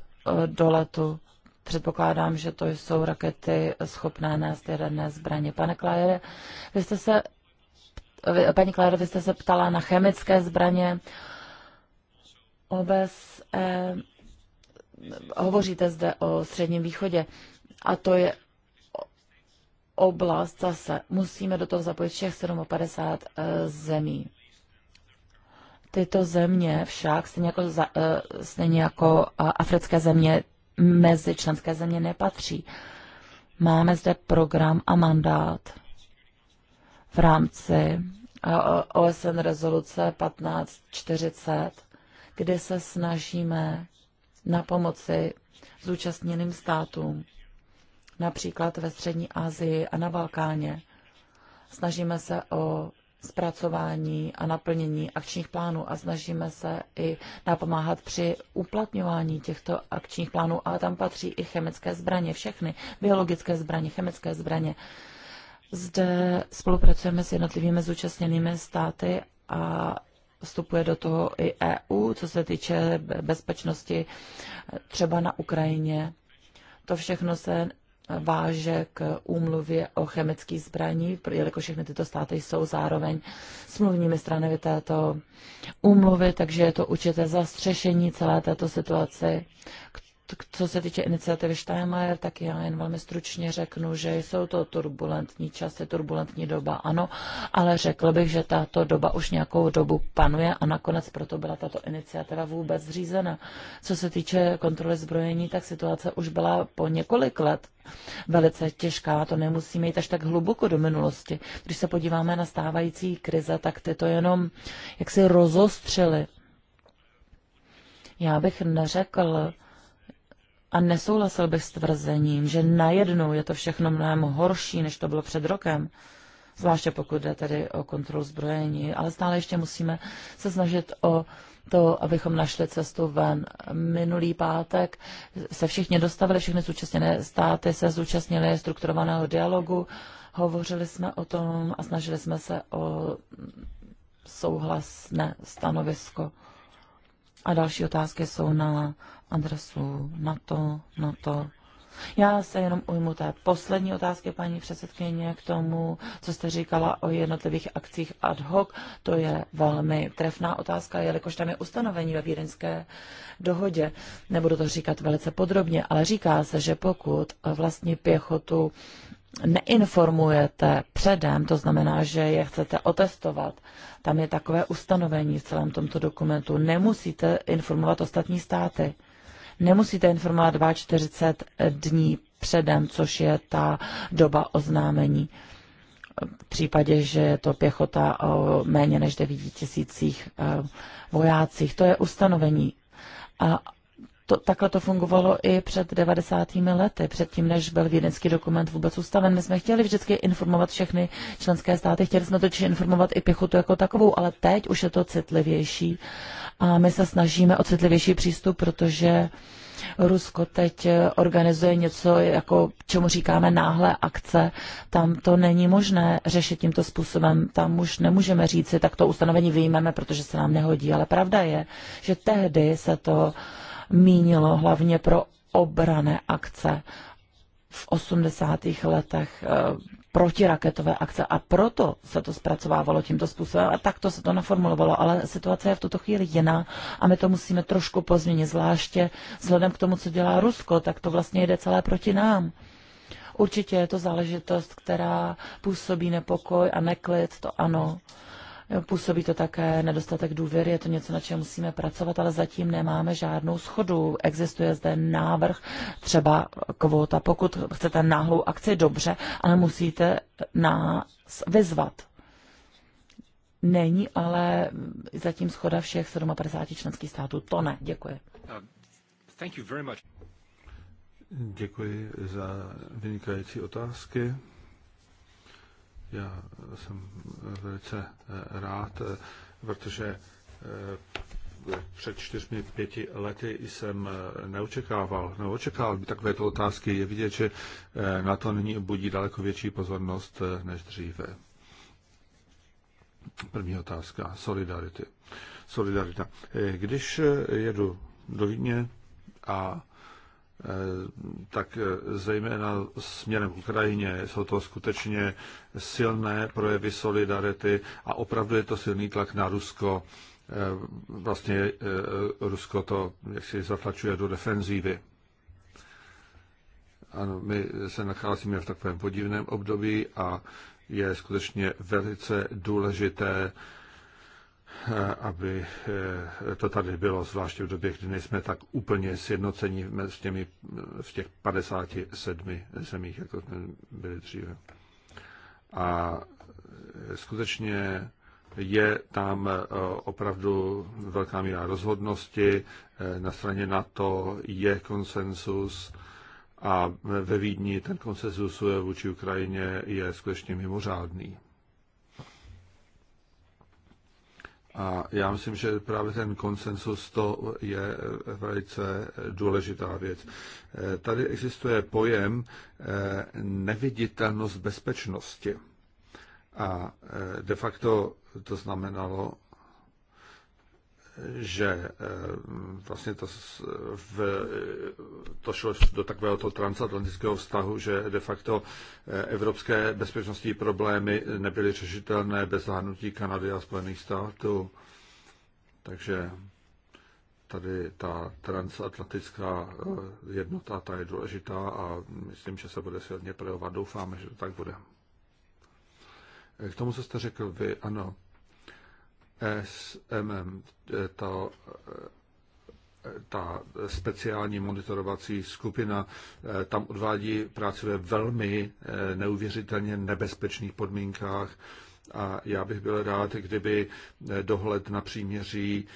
doletu. Předpokládám, že to jsou rakety schopné nést jaderné zbraně. Pane Klajere, vy jste se, paní Klajere, vy jste se ptala na chemické zbraně. Obec eh, hovoříte zde o Středním východě a to je oblast zase musíme do toho zapojit všech 57 eh, zemí. Tyto země však, stejně jako, za, eh, stejně jako eh, africké země, mezi členské země nepatří. Máme zde program a mandát v rámci OSN rezoluce 1540, kde se snažíme na pomoci zúčastněným státům například ve Střední Asii a na Balkáně. Snažíme se o zpracování a naplnění akčních plánů a snažíme se i napomáhat při uplatňování těchto akčních plánů, ale tam patří i chemické zbraně, všechny, biologické zbraně, chemické zbraně. Zde spolupracujeme s jednotlivými zúčastněnými státy a vstupuje do toho i EU, co se týče bezpečnosti třeba na Ukrajině. To všechno se váže k úmluvě o chemických zbraní, jelikož všechny tyto státy jsou zároveň smluvními stranami této úmluvy, takže je to určité zastřešení celé této situaci. K co se týče iniciativy Steinmeier, tak já jen velmi stručně řeknu, že jsou to turbulentní časy, turbulentní doba, ano, ale řekl bych, že tato doba už nějakou dobu panuje a nakonec proto byla tato iniciativa vůbec zřízena. Co se týče kontroly zbrojení, tak situace už byla po několik let velice těžká, to nemusíme jít až tak hluboko do minulosti. Když se podíváme na stávající krize, tak ty to jenom jaksi rozostřily. Já bych neřekl, a nesouhlasil bych s tvrzením, že najednou je to všechno mnohem horší, než to bylo před rokem. Zvláště pokud jde tedy o kontrolu zbrojení, ale stále ještě musíme se snažit o to, abychom našli cestu ven. Minulý pátek se všichni dostavili, všechny zúčastněné státy se zúčastnili strukturovaného dialogu, hovořili jsme o tom a snažili jsme se o souhlasné stanovisko. A další otázky jsou na adresu na to, na to. Já se jenom ujmu té poslední otázky, paní předsedkyně, k tomu, co jste říkala o jednotlivých akcích ad hoc. To je velmi trefná otázka, jelikož tam je ustanovení ve Vídeňské dohodě. Nebudu to říkat velice podrobně, ale říká se, že pokud vlastní pěchotu neinformujete předem, to znamená, že je chcete otestovat, tam je takové ustanovení v celém tomto dokumentu, nemusíte informovat ostatní státy nemusíte informovat 42 dní předem, což je ta doba oznámení. V případě, že je to pěchota o méně než 9 tisících eh, vojácích. To je ustanovení. A to, takhle to fungovalo i před 90. lety, předtím, než byl vědecký dokument vůbec ustaven. My jsme chtěli vždycky informovat všechny členské státy, chtěli jsme totiž informovat i pěchotu jako takovou, ale teď už je to citlivější a my se snažíme o citlivější přístup, protože Rusko teď eh, organizuje něco, jako čemu říkáme náhle akce. Tam to není možné řešit tímto způsobem. Tam už nemůžeme říct, tak to ustanovení vyjmeme, protože se nám nehodí. Ale pravda je, že tehdy se to uh, mínilo hlavně pro obrané akce v 80. letech eh, protiraketové akce a proto se to zpracovávalo tímto způsobem a takto se to naformulovalo, ale situace je v tuto chvíli jiná a my to musíme trošku pozměnit, zvláště vzhledem k tomu, co dělá Rusko, tak to vlastně jde celé proti nám. Určitě je to záležitost, která působí nepokoj a neklid, to ano. Působí to také nedostatek důvěry, je to něco, na čem musíme pracovat, ale zatím nemáme žádnou schodu. Existuje zde návrh, třeba kvota, pokud chcete náhlou akci, dobře, ale musíte nás vyzvat. Není ale zatím schoda všech 57 členských států. To ne. Děkuji. Thank you very much. Děkuji za vynikající otázky. Já jsem velice eh, rád, eh, protože eh, před čtyřmi, pěti lety jsem neočekával, neočekával, by takovéto otázky. Je vidět, že na to nyní budí daleko větší pozornost než dříve. První otázka. Solidarity. Solidarita. Když jedu do Vídně a tak zejména směrem k Ukrajině jsou to skutečně silné projevy solidarity a opravdu je to silný tlak na Rusko. Eh, vlastně eh, Rusko to jaksi zatlačuje do defenzívy. Ano, my se nacházíme v takovém podivném období a je skutečně velice důležité Eh, aby eh, to tady bylo, zvláště v době, kdy nejsme tak úplně sjednocení s těmi, v těch 57 zemích, jako jsme byli dříve. A eh, skutečně je tam opravdu velká míra rozhodnosti. Na straně NATO je konsensus a ve Vídni ten konsensus vůči Ukrajině je skutečně mimořádný. A já myslím, že právě ten konsensus to je velice důležitá věc. Eh, tady existuje pojem eh, neviditelnost bezpečnosti. A eh, de facto to znamenalo, že eh, vlastně to, v, to šlo do takového toho transatlantického vztahu, že de facto eh, evropské bezpečnostní problémy nebyly řešitelné bez zahrnutí Kanady a Spojených států. Takže tady ta transatlantická eh, jednota, ta je důležitá a myslím, že se bude silně projevovat. Doufáme, že to tak bude. K tomu, co jste řekl vy, ano, SMM, e, ta e, ta speciální monitorovací skupina e, tam odvádí práci ve velmi neuvěřitelně nebezpečných podmínkách a já bych byl rád, kdyby dohled na příměří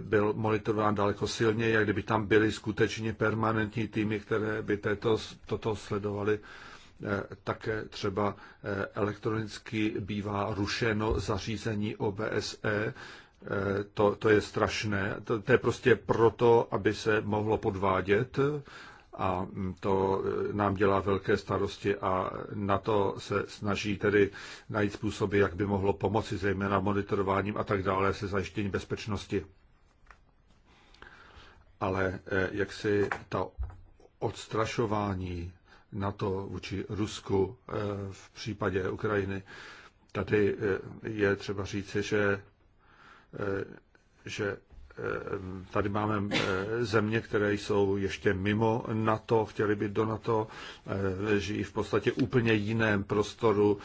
byl monitorován daleko silněji, jak kdyby tam byly skutečně permanentní týmy, které by této, toto sledovaly Eh, také třeba eh, elektronicky bývá rušeno zařízení OBSE. Eh, to, to je strašné. To, to je prostě proto, aby se mohlo podvádět a mm, to nám dělá velké starosti a na to se snaží tedy najít způsoby, jak by mohlo pomoci, zejména monitorováním a tak dále se zajištění bezpečnosti. Ale jak si ta odstrašování NATO vůči Rusku eh, v případě Ukrajiny. Tady eh, je třeba říci, že, eh, že tady máme země, které jsou ještě mimo NATO, chtěli být do NATO, žijí v podstatě úplně jiném prostoru,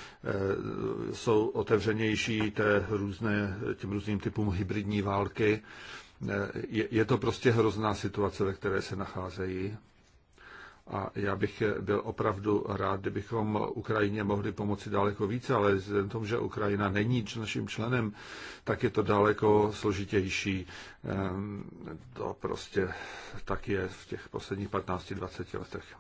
jsou otevřenější té různé, těm různým typům hybridní války. je to prostě hrozná situace, ve které se nacházejí. A já bych byl opravdu rád, kdybychom Ukrajině mohli pomoci daleko více, ale vzhledem tomu, že Ukrajina není naším členem, tak je to daleko složitější. Ehm, to prostě tak je v těch posledních 15-20 letech.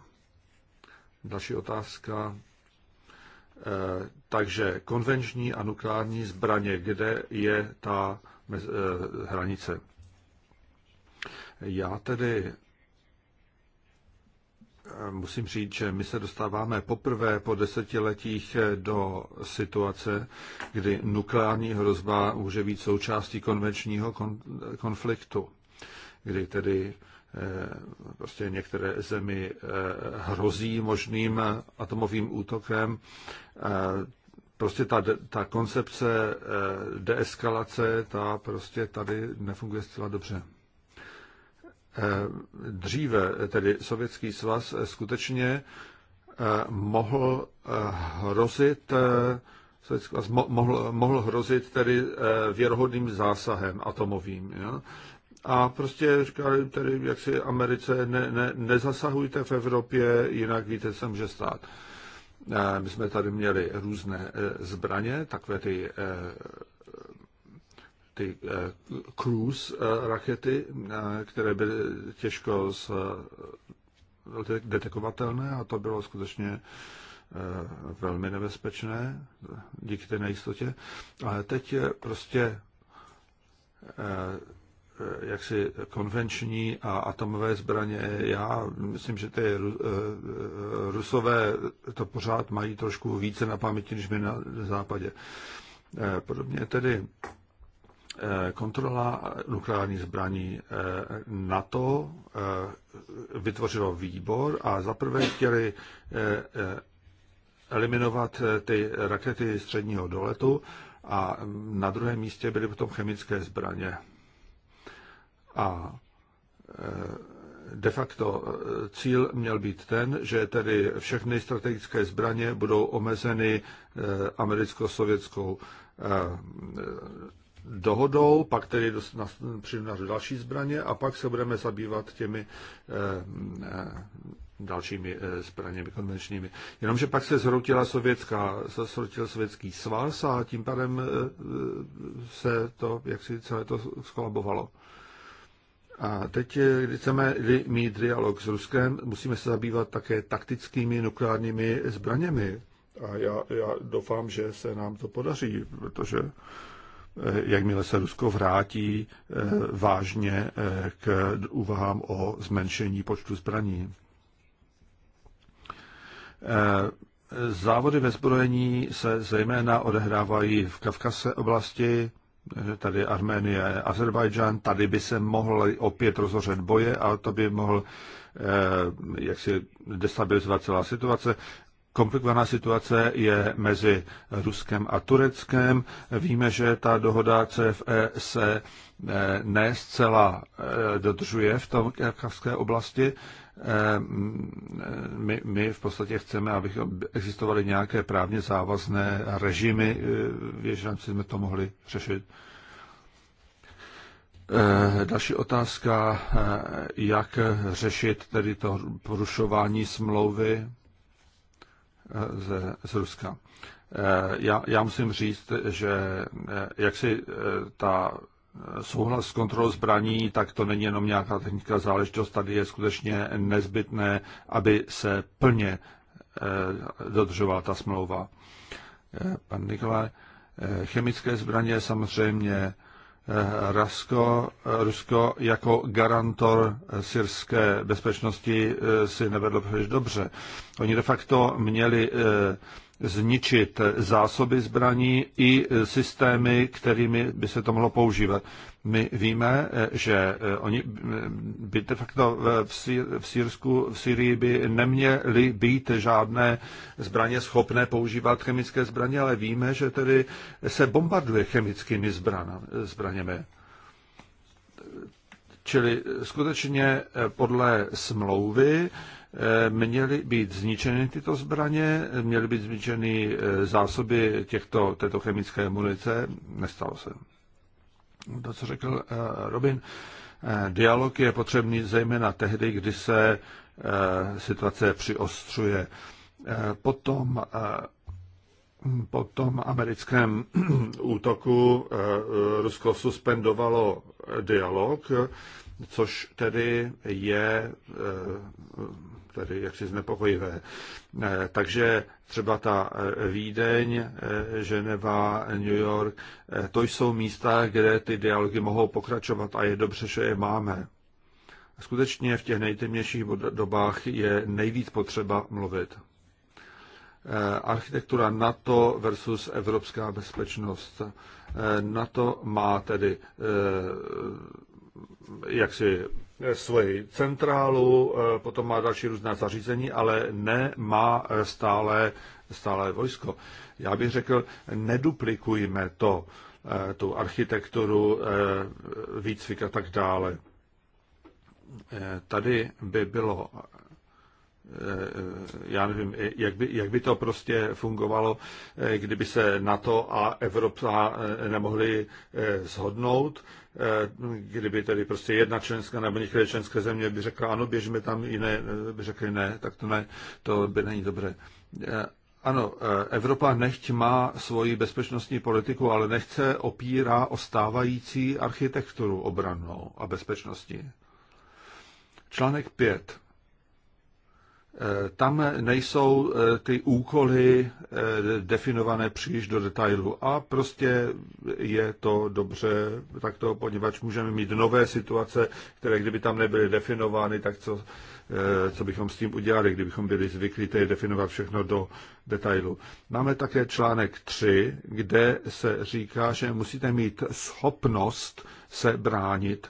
Další otázka. Ehm, takže konvenční a nukleární zbraně, kde je ta eh, hranice? Já tedy musím říct, že my se dostáváme poprvé po desetiletích do situace, kdy nukleární hrozba může být součástí konvenčního konfliktu, kdy tedy eh, prostě některé zemi eh, hrozí možným atomovým útokem. Eh, prostě ta, ta koncepce deeskalace, ta prostě tady nefunguje zcela dobře. Eh, dříve, tedy Sovětský svaz, eh, skutečně eh, mohl hrozit mohl, mohl hrozit tedy věrohodným zásahem atomovým. Jo? A prostě říkali tedy, jak si Americe, ne, ne, nezasahujte v Evropě, jinak víte, co může stát. My jsme tady měli různé zbraně, takové ty ty eh, cruise eh, rakety, eh, které byly těžko z, detekovatelné a to bylo skutečně velmi nebezpečné díky té nejistotě. Ale teď je prostě jaksi konvenční a atomové zbraně. Já myslím, že ty rusové to pořád mají trošku více na paměti, než my na západě. Podobně tedy Eh, kontrola nukleárních zbraní eh, NATO eh, vytvořilo výbor a zaprvé chtěli eliminovat ty rakety středního doletu a na druhém místě byly potom chemické zbraně. A de facto cíl měl být ten, že tedy všechny strategické zbraně budou omezeny americko-sovětskou dohodou, pak tedy přijdu další zbraně a pak se budeme zabývat těmi eh, eh, dalšími eh, zbraněmi konvenčními. Jenomže pak se zhroutila sovětská, se zhroutil sovětský svaz a tím pádem se to, jak si celé to skolabovalo. A teď, když chceme mít dialog s Ruskem, musíme se zabývat také taktickými nukleárními zbraněmi. A já, já doufám, že se nám to podaří, protože Eh, jakmile se Rusko vrátí eh, vážně eh, k úvahám o zmenšení počtu zbraní. Závody ve zbrojení se zejména odehrávají v Kavkase oblasti, tady Arménie, Azerbajdžán, tady by se mohl opět rozhořet boje ale to by mohl jak si destabilizovat celá situace. Komplikovaná situace je mezi Ruskem a Tureckem. Víme, že ta dohoda CFE se eh, ne zcela eh, dodržuje v kavské oblasti. Eh, my, my v podstatě chceme, aby existovaly nějaké právně závazné režimy, že jsme to mohli řešit. Další otázka, jak řešit tedy to porušování smlouvy ze, z Ruska. Eh, já, já musím říct, že eh, jak si eh, ta souhlas s kontrolou zbraní, tak to není jenom nějaká technická záležitost. Tady je skutečně nezbytné, aby se plně dodržovala ta smlouva. Pan Nikolaj, chemické zbraně samozřejmě Eh, Rasko, eh, Rusko jako garantor eh, syrské bezpečnosti si nevedlo příliš dobře. Oni de facto měli zničit zásoby zbraní i systémy, kterými by se to mohlo používat. My víme, že eh, oni eh, by de facto eh, v, v, Sýrsku, v Syrii by neměly být žádné zbraně schopné používat chemické zbraně, ale víme, že tedy se bombarduje chemickými zbraněmi. Čili skutečně podle smlouvy Eh, měly být zničeny tyto zbraně, měly být zničeny eh, zásoby těchto, této chemické munice. Nestalo se. To, co řekl eh, Robin, dialog je potřebný zejména tehdy, kdy se situace přiostřuje. Potom po tom americkém útoku Rusko suspendovalo dialog, což tedy je tedy jaksi znepokojivé. Eh, takže třeba ta eh, Vídeň, eh, Ženeva, New York, to jsou místa, kde ty dialogy mohou pokračovat a je dobře, že je máme. Skutečně v těch nejtemnějších dobách je nejvíc potřeba mluvit. Architektura NATO versus evropská bezpečnost. NATO má tedy jaksi Eh, svoji centrálu, eh, potom má další různá zařízení, ale nemá eh, stále, stále vojsko. Já bych řekl, neduplikujme to, tu architekturu, výcvik a tak dále. Tady by bylo já nevím, jak by, jak by to prostě fungovalo, kdyby se NATO a Evropa nemohli shodnout, Eh, kdyby tedy prostě jedna členská nebo některé členské země by řekla, ano, běžme tam, jiné eh, by řekly ne, tak to ne, to by není dobré. Eh, ano, Evropa nechť má svoji bezpečnostní politiku, ale nechce opírá o stávající architekturu obrannou a bezpečnosti. Článek 5. Eh, tam nejsou eh, ty úkoly eh, definované příliš do detailu a prostě je to dobře takto, poněvadž můžeme mít nové situace, které kdyby tam nebyly definovány, tak co, co bychom s tím udělali, kdybychom byli zvyklí tedy definovat všechno do detailu. Máme také článek 3, kde se říká, že musíte mít schopnost se bránit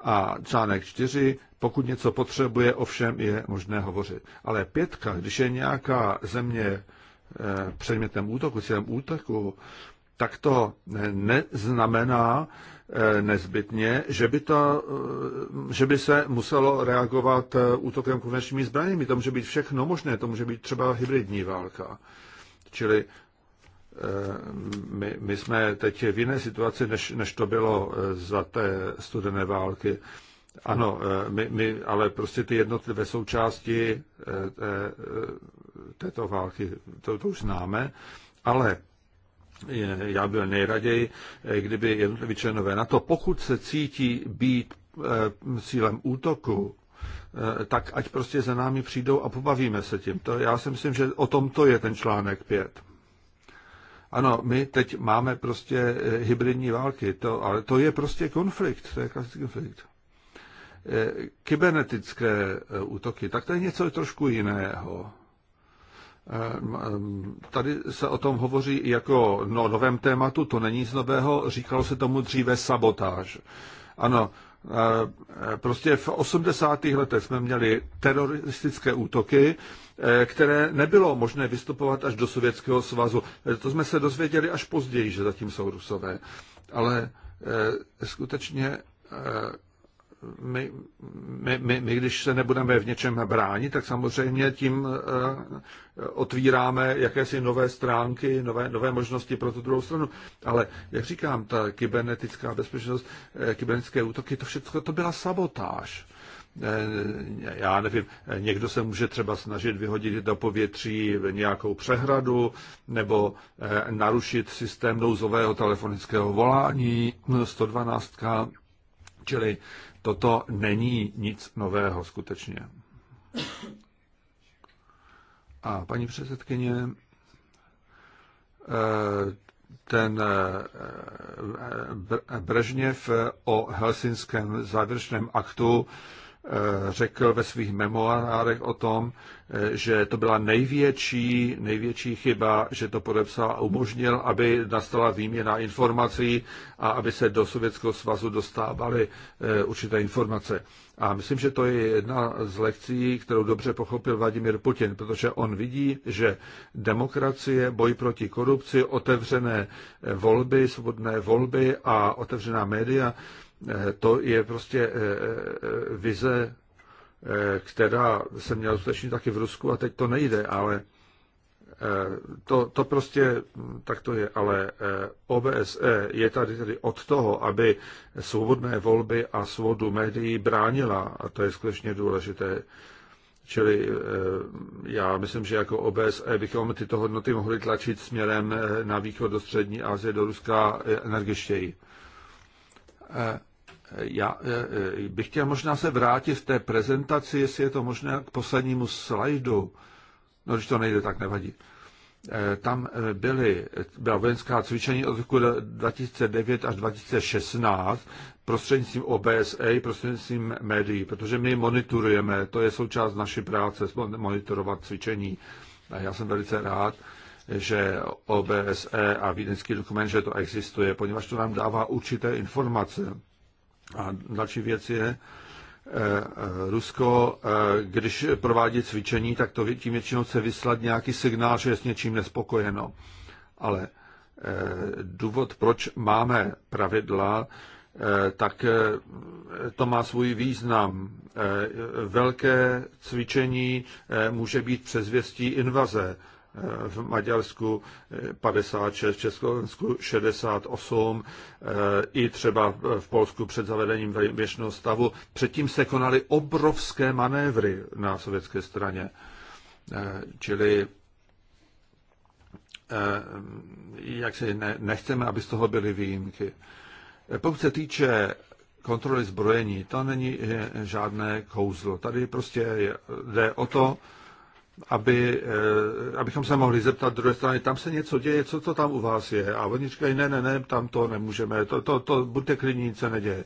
a článek 4 pokud něco potřebuje, ovšem je možné hovořit. Ale pětka, když je nějaká země eh, předmětem útoku, cílem útoku, tak to neznamená eh, nezbytně, že by, to, eh, že by se muselo reagovat útokem konečnými zbraněmi. To může být všechno možné, to může být třeba hybridní válka. Čili my, my jsme teď v jiné situaci, než, než to bylo za té studené války. Ano, eh, my, my, ale prostě ty jednotlivé součásti eh, eh, této války, to, to už známe, ale já byl nejraději, kdyby jednotliví členové na to, pokud se cítí být cílem útoku, tak ať prostě za námi přijdou a pobavíme se tím. To, já si myslím, že o tom to je ten článek 5. Ano, my teď máme prostě hybridní války, to, ale to je prostě konflikt, to je klasický konflikt kybernetické eh, útoky, tak to je něco trošku jiného. Eh, tady se o tom hovoří jako no, novém tématu, to není z nového, říkalo se tomu dříve sabotáž. Ano, eh, prostě v 80. letech jsme měli teroristické útoky, které nebylo možné vystupovat až do Sovětského svazu. To jsme se dozvěděli až později, že zatím jsou rusové. Ale skutečně my, my, my, my, když se nebudeme v něčem bránit, tak samozřejmě tím eh, otvíráme jakési nové stránky, nové, nové možnosti pro tu druhou stranu. Ale, jak říkám, ta kybernetická bezpečnost, eh, kybernetické útoky, to všechno to byla sabotáž eh, já nevím, někdo se může třeba snažit vyhodit do povětří nějakou přehradu nebo narušit systém nouzového telefonického volání 112. Hm, čili Toto není nic nového skutečně. A paní předsedkyně, eh, ten eh, eh, Brežněv o helsinském závěrečném aktu Eh, řekl ve svých memoárech o tom, eh, že to byla největší, největší chyba, že to podepsal a umožnil, aby nastala výměna informací a aby se do Sovětského svazu dostávaly eh, určité informace. A myslím, že to je jedna z lekcí, kterou dobře pochopil Vladimir Putin, protože on vidí, že demokracie, boj proti korupci, otevřené volby, svobodné volby a otevřená média, Eh, to je prostě eh, eh, vize, která se měla uskutečnit taky v Rusku a teď to nejde, ale to, to prostě hm, tak to je, ale OBSE je tady tedy od toho, aby svobodné volby a svobodu médií bránila a to je skutečně důležité. Čili já myslím, že jako OBSE bychom tyto hodnoty mohli tlačit směrem na východ do střední Asie, do Ruska energičtěji. Já eh, eh, bych chtěl možná se vrátit v té prezentaci, jestli je to možné k poslednímu slajdu. No, když to nejde, tak nevadí. Eh, tam byly, byla vojenská cvičení od roku 2009 až 2016 prostřednictvím OBSA, e, prostřednictvím médií, protože my monitorujeme, to je součást naší práce, monitorovat cvičení. A já jsem velice rád, že OBSE a vídeňský dokument, že to existuje, poněvadž to nám dává určité informace. A další věc je, eh, eh, Rusko, eh, když provádí cvičení, tak to tím většinou chce vyslat nějaký signál, že je s něčím nespokojeno. Ale důvod, proč máme pravidla, tak to má svůj význam. Velké cvičení může být přezvěstí invaze v Maďarsku 56, eh, v Československu 68, eh, i třeba v Polsku před zavedením věčného stavu. Předtím se konaly obrovské manévry na sovětské straně. Eh, čili jak si ne, nechceme, aby z toho byly výjimky. Pokud se týče kontroly zbrojení, to není žádné kouzlo. Tady prostě jde o to, aby, eh, abychom se mohli zeptat druhé strany, tam se něco děje, co to tam u vás je? A oni říkají, ne, ne, ne, tam to nemůžeme, to, to, to buďte klidní, nic se neděje.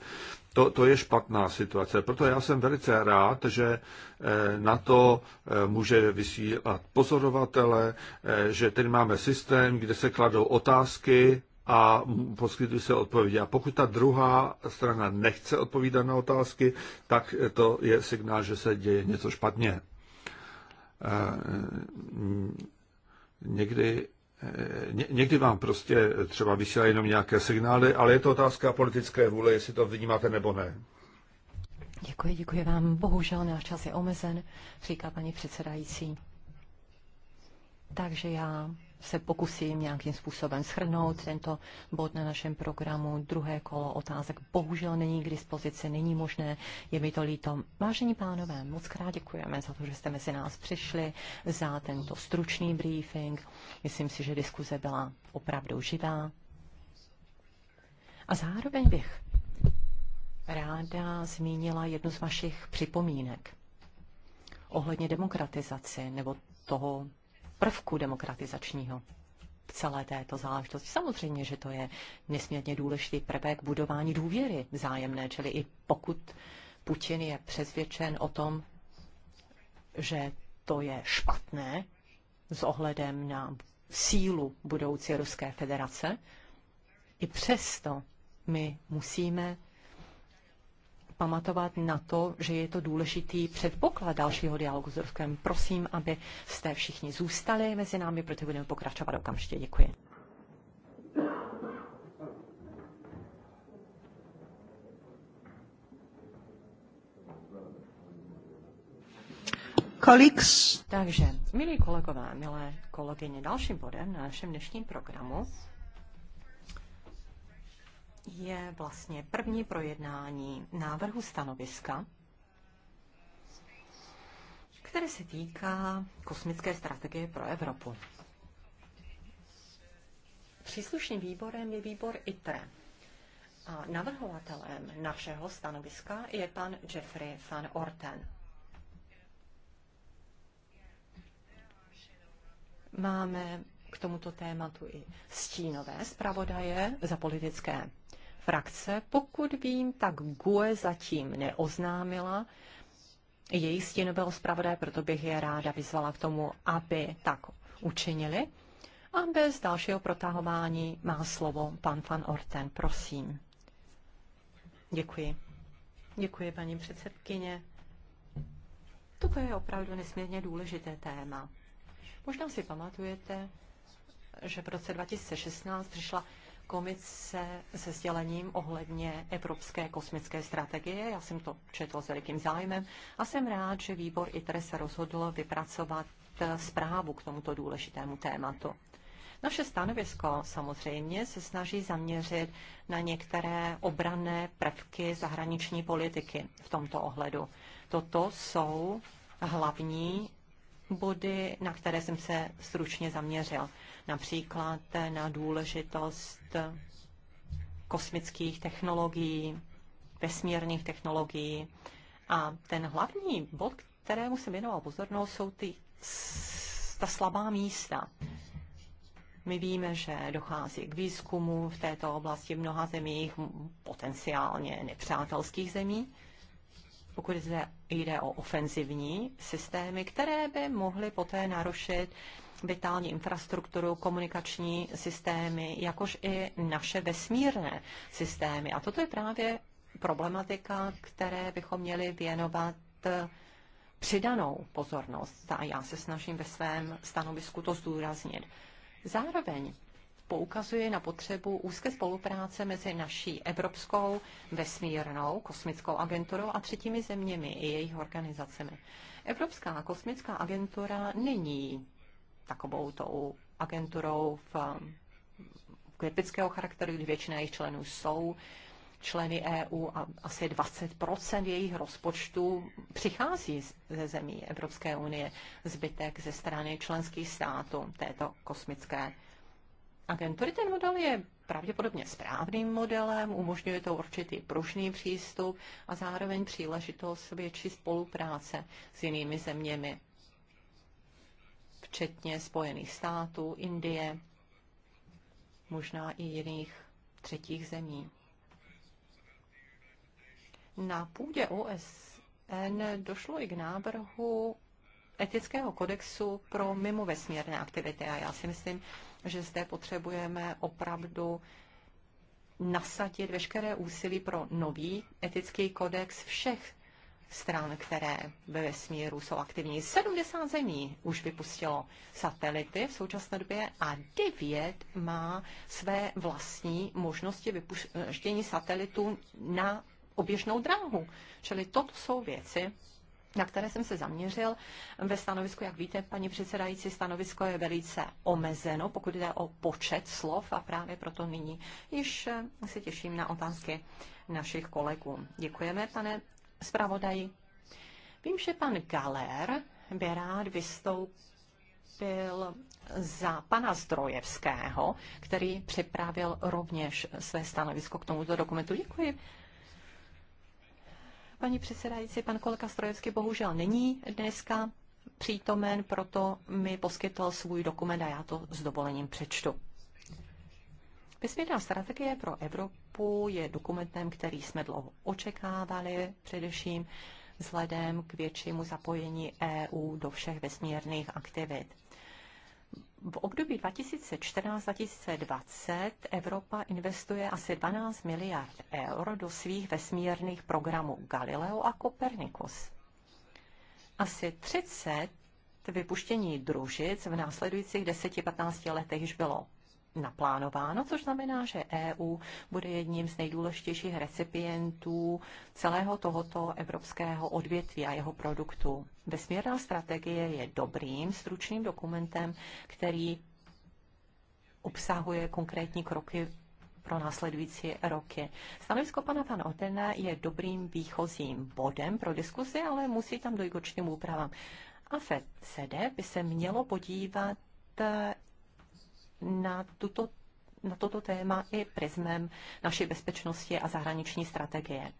To, to je špatná situace. Proto já jsem velice rád, že eh, na to eh, může vysílat pozorovatele, že tady máme systém, kde se kladou otázky a poskytují se odpovědi. A pokud ta druhá strana nechce odpovídat na otázky, tak to je signál, že se děje něco špatně. Mm, někdy, eh, někdy vám prostě třeba vysílají jenom nějaké signály, ale je to otázka politické vůle, jestli to vnímáte nebo ne. Děkuji, děkuji vám. Bohužel náš čas je omezen, říká paní předsedající. Takže já se pokusím nějakým způsobem shrnout tento bod na našem programu. Druhé kolo otázek bohužel není k dispozici, není možné, je mi to líto. Vážení pánové, moc krát děkujeme za to, že jste mezi nás přišli, za tento stručný briefing. Myslím si, že diskuze byla opravdu živá. A zároveň bych ráda zmínila jednu z vašich připomínek ohledně demokratizace nebo toho, prvku demokratizačního v celé této záležitosti. Samozřejmě, že to je nesmírně důležitý prvek budování důvěry vzájemné, čili i pokud Putin je přesvědčen o tom, že to je špatné s ohledem na sílu budoucí Ruské federace, i přesto my musíme pamatovat na to, že je to důležitý předpoklad dalšího dialogu s Ruskem. Prosím, aby jste všichni zůstali mezi námi, protože budeme pokračovat okamžitě. Děkuji. Koliks. Takže, milí kolegové, milé kolegyně, dalším bodem na našem dnešním programu je vlastně první projednání návrhu stanoviska, které se týká kosmické strategie pro Evropu. Příslušným výborem je výbor ITRE. A navrhovatelem našeho stanoviska je pan Jeffrey van Orten. Máme k tomuto tématu i stínové zpravodaje za politické frakce. Pokud vím, tak GUE zatím neoznámila Její stínového zpravodaje, proto bych je ráda vyzvala k tomu, aby tak učinili. A bez dalšího protahování má slovo pan van Orten, prosím. Děkuji. Děkuji, paní předsedkyně. Toto je opravdu nesmírně důležité téma. Možná si pamatujete, že v roce 2016 přišla komise se sdělením ohledně evropské kosmické strategie. Já jsem to četl s velikým zájmem a jsem rád, že výbor ITRE se rozhodl vypracovat zprávu k tomuto důležitému tématu. Naše stanovisko samozřejmě se snaží zaměřit na některé obranné prvky zahraniční politiky v tomto ohledu. Toto jsou hlavní body, na které jsem se stručně zaměřil například na důležitost kosmických technologií, vesmírných technologií. A ten hlavní bod, kterému jsem věnoval pozornost, jsou ty, ta slabá místa. My víme, že dochází k výzkumu v této oblasti v mnoha zemích, potenciálně nepřátelských zemí. Pokud jde o ofenzivní systémy, které by mohly poté narušit vitální infrastrukturu, komunikační systémy, jakož i naše vesmírné systémy. A toto je právě problematika, které bychom měli věnovat eh, přidanou pozornost. A já se snažím ve svém stanovisku to zdůraznit. Zároveň poukazuje na potřebu úzké spolupráce mezi naší Evropskou vesmírnou kosmickou agenturou a třetími zeměmi i jejich organizacemi. Evropská kosmická agentura není takovou tou agenturou v um, kritického charakteru, kdy většina jejich členů jsou členy EU a asi 20 jejich rozpočtu přichází ze zemí Evropské unie, zbytek ze strany členských států této kosmické agentury. Ten model je pravděpodobně správným modelem, umožňuje to určitý pružný přístup a zároveň příležitost větší spolupráce s jinými zeměmi včetně Spojených států, Indie, možná i jiných třetích zemí. Na půdě OSN došlo i k návrhu etického kodexu pro mimovesmírné aktivity. A já si myslím, že zde potřebujeme opravdu nasadit veškeré úsilí pro nový etický kodex všech stran, které ve vesmíru jsou aktivní. 70 zemí už vypustilo satelity v současné době a 9 má své vlastní možnosti vypuštění satelitů na oběžnou dráhu. Čili toto jsou věci, na které jsem se zaměřil. Ve stanovisku, jak víte, paní předsedající, stanovisko je velice omezeno, pokud jde o počet slov a právě proto nyní již se těším na otázky našich kolegů. Děkujeme, pane zpravodaji. Vím, že pan Galer by rád vystoupil za pana Zdrojevského, který připravil rovněž své stanovisko k tomuto dokumentu. Děkuji. Paní předsedající, pan kolega Strojevský bohužel není dneska přítomen, proto mi poskytl svůj dokument a já to s dovolením přečtu. Vesmírná strategie pro Evropu je dokumentem, který jsme dlouho očekávali, především vzhledem k většímu zapojení EU do všech vesmírných aktivit. V období 2014-2020 Evropa investuje asi 12 miliard eur do svých vesmírných programů Galileo a Copernicus. Asi 30 vypuštění družic v následujících 10-15 letech již bylo naplánováno, což znamená, že EU bude jedním z nejdůležitějších recipientů celého tohoto evropského odvětví a jeho produktu. Vesmírná strategie je dobrým, stručným dokumentem, který obsahuje konkrétní kroky pro následující roky. Stanovisko pana Van Otena je dobrým výchozím bodem pro diskuzi, ale musí tam dojít k určitým úpravám. A FED by se mělo podívat na, tuto, na toto téma i prismem naší bezpečnosti a zahraniční strategie.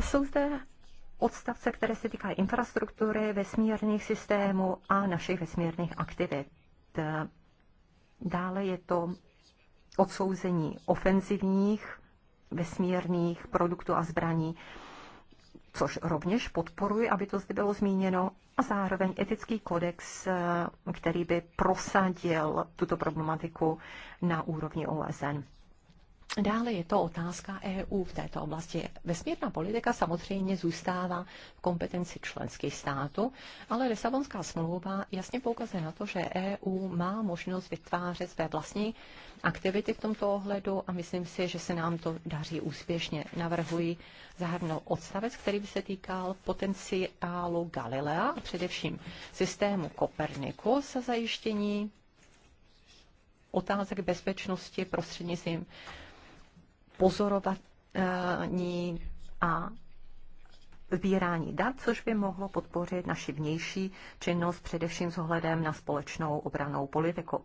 Jsou zde odstavce, které se týkají infrastruktury, vesmírných systémů a našich vesmírných aktivit. Dále je to odsouzení ofenzivních vesmírných produktů a zbraní což rovněž podporuji, aby to zde bylo zmíněno, a zároveň etický kodex, eh, který by prosadil tuto problematiku na úrovni OSN. Dále je to otázka EU v této oblasti. Vesmírná politika samozřejmě zůstává v kompetenci členských států, ale Lisabonská smlouva jasně poukazuje na to, že EU má možnost vytvářet své vlastní aktivity v tomto ohledu a myslím si, že se nám to daří úspěšně. Navrhuji zahrnout odstavec, který by se týkal potenciálu Galilea a především systému Koperniku za zajištění otázek bezpečnosti prostřednictvím pozorování a sbírání dat, což by mohlo podpořit naši vnější činnost především s ohledem na společnou obranou politiku.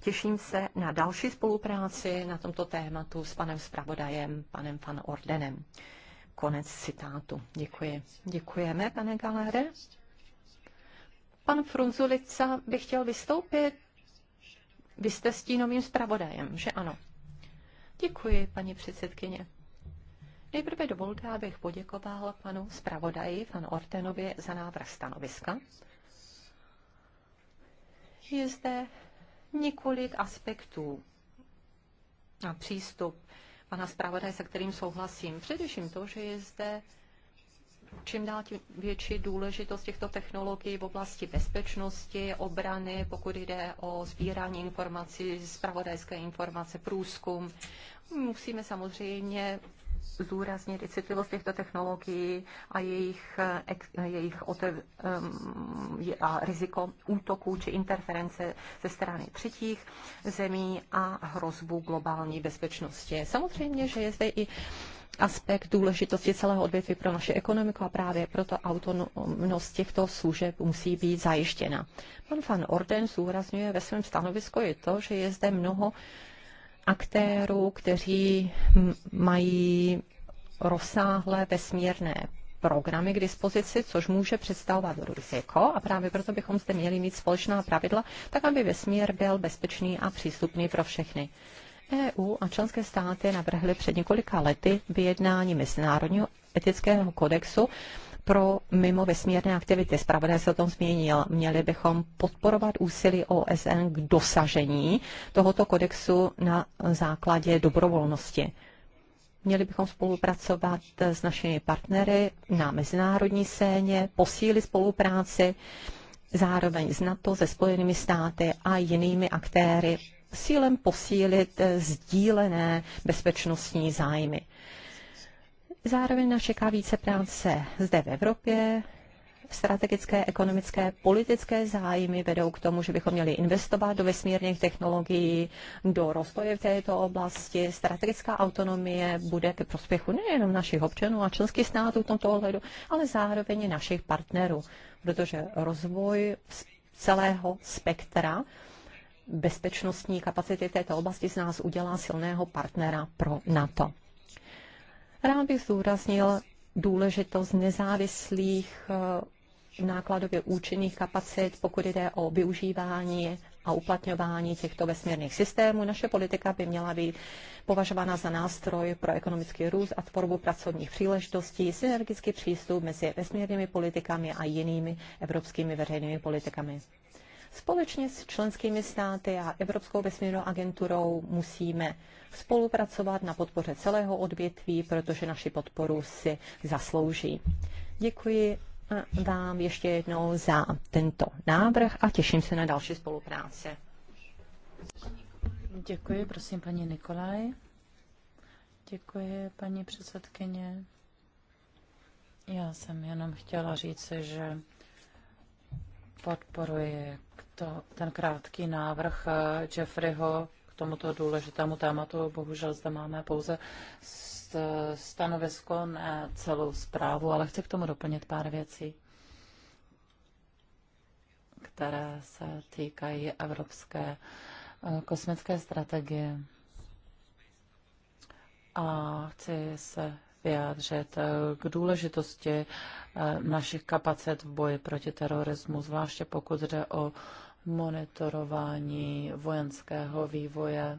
Těším se na další spolupráci na tomto tématu s panem zpravodajem, panem Van Ordenem. Konec citátu. Děkuji. Děkujeme, pane Galere. Pan Frunzulica by chtěl vystoupit. Vy jste stínovým zpravodajem, že ano? Děkuji, paní předsedkyně. Nejprve dovolte, abych poděkoval panu zpravodaji, panu Ortenovi, za návrh stanoviska. Je zde několik aspektů a přístup pana zpravodaje, se kterým souhlasím. Především to, že je zde čím dál tím větší důležitost těchto technologií v oblasti bezpečnosti, obrany, pokud jde o sbírání informací, zpravodajské informace, průzkum. Musíme samozřejmě zúrazně i citlivost těchto technologií a jejich, eh, jejich otev, ehm, a riziko útoků či interference ze strany třetích zemí a hrozbu globální bezpečnosti. Samozřejmě, že je zde i aspekt důležitosti celého odvětví pro naši ekonomiku a právě proto autonomnost těchto služeb musí být zajištěna. Pan van Orden zúraznuje ve svém stanovisku je to, že je zde mnoho aktérů, kteří mají rozsáhlé vesmírné programy k dispozici, což může představovat riziko a právě proto bychom zde měli mít společná pravidla, tak aby vesmír byl bezpečný a přístupný pro všechny. EU a členské státy navrhly před několika lety vyjednání Mezinárodního etického kodexu pro mimo vesmírné aktivity. Spravodaj se o tom změnil. Měli bychom podporovat úsilí OSN k dosažení tohoto kodexu na základě dobrovolnosti. Měli bychom spolupracovat s našimi partnery na mezinárodní scéně, posílit spolupráci zároveň s NATO, se Spojenými státy a jinými aktéry s cílem posílit eh, sdílené bezpečnostní zájmy. Zároveň nás čeká více práce zde v Evropě, strategické, ekonomické, politické zájmy vedou k tomu, že bychom měli investovat do vesmírných technologií, do rozvoje v této oblasti. Strategická autonomie bude ke prospěchu nejenom našich občanů a členských států v tomto ohledu, ale zároveň i našich partnerů, protože rozvoj celého spektra bezpečnostní kapacity této oblasti z nás udělá silného partnera pro NATO. Rád bych zdůraznil důležitost nezávislých eh, nákladově účinných kapacit, pokud jde o využívání a uplatňování těchto vesmírných systémů. Naše politika by měla být považována za nástroj pro ekonomický růst a tvorbu pracovních příležitostí, synergický přístup mezi vesmírnými politikami a jinými evropskými veřejnými politikami. Společně s členskými státy a Evropskou vesmírnou agenturou musíme spolupracovat na podpoře celého odvětví, protože naši podporu si zaslouží. Děkuji vám ještě jednou za tento návrh a těším se na další spolupráce. Děkuji, prosím, paní Nikolaj. Děkuji, paní předsedkyně. Já jsem jenom chtěla říct, že podporuji to, ten krátký návrh eh, Jeffreyho k tomuto důležitému tématu. Bohužel zde máme pouze stanovisko na celou zprávu, ale chci k tomu doplnit pár věcí, které se týkají evropské eh, kosmické strategie. A chci se vyjádřit eh, k důležitosti našich kapacit v boji proti terorismu, zvláště pokud jde o monitorování vojenského vývoje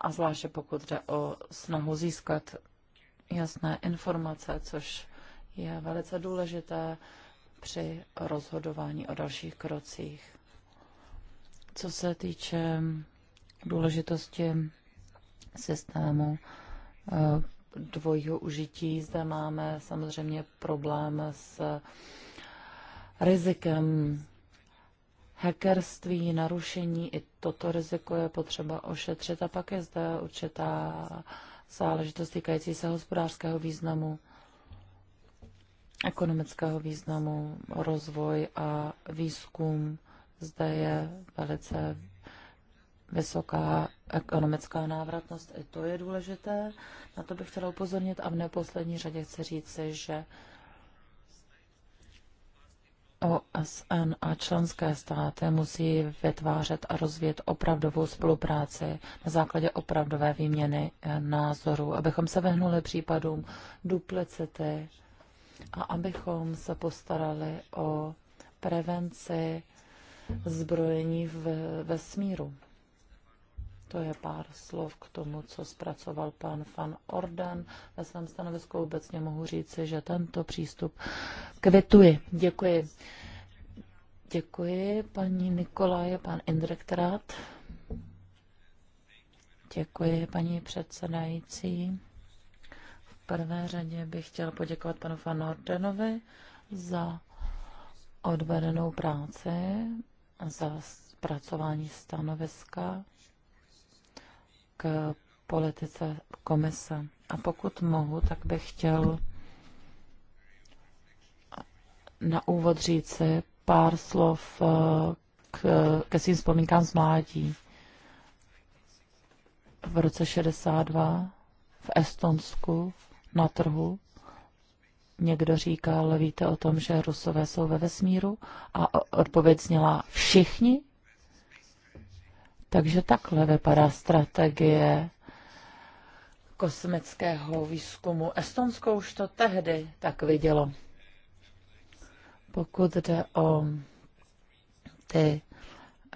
a zvláště pokud jde o snahu získat jasné informace, což je velice důležité při rozhodování o dalších krocích. Co se týče důležitosti systému eh, dvojího užití, zde máme samozřejmě problém s rizikem hackerství, narušení, i toto riziko je potřeba ošetřit. A pak je zde určitá záležitost týkající se hospodářského významu, ekonomického významu, rozvoj a výzkum. Zde je velice vysoká ekonomická návratnost, i to je důležité. Na to bych chtěla upozornit a v neposlední řadě chci říci, že OSN a členské státy musí vytvářet a rozvíjet opravdovou spolupráci na základě opravdové výměny eh, názorů, abychom se vyhnuli případům duplicity a abychom se postarali o prevenci zbrojení v vesmíru. To je pár slov k tomu, co zpracoval pan Van Orden. Ve svém stanovisku obecně mohu říci, že tento přístup kvituji. Děkuji. Děkuji, paní Nikolaje, pan Indrektrát. Děkuji, paní předsedající. V prvé řadě bych chtěl poděkovat panu Van Ordenovi za odvedenou práci, za zpracování stanoviska k politice komise. A pokud mohu, tak bych chtěl na úvod říci pár slov eh, k, ke svým vzpomínkám z mládí. V roce 62 v Estonsku na trhu někdo říkal, víte o tom, že Rusové jsou ve vesmíru? A odpověď zněla všichni, takže takhle vypadá strategie kosmického výzkumu. Estonsko už to tehdy tak vidělo. Pokud jde o ty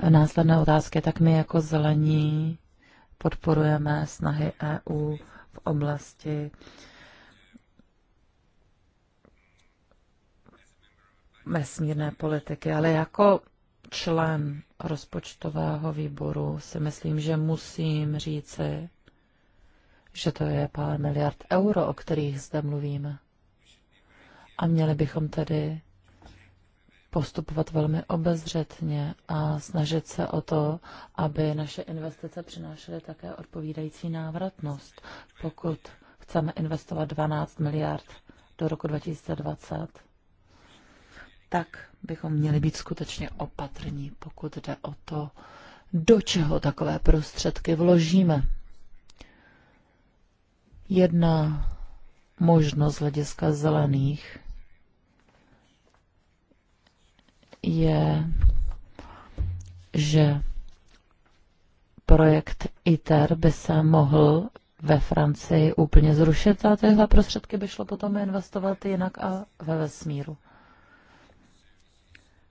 následné otázky, tak my jako zelení podporujeme snahy EU v oblasti vesmírné politiky, ale jako člen rozpočtového výboru, si myslím, že musím říci, že to je pár miliard euro, o kterých zde mluvíme. A měli bychom tedy postupovat velmi obezřetně a snažit se o to, aby naše investice přinášely také odpovídající návratnost. Pokud chceme investovat 12 miliard do roku 2020, tak bychom měli být skutečně opatrní, pokud jde o to, do čeho takové prostředky vložíme. Jedna možnost z hlediska zelených je, že projekt ITER by se mohl ve Francii úplně zrušit a tyhle prostředky by šlo potom investovat jinak a ve vesmíru.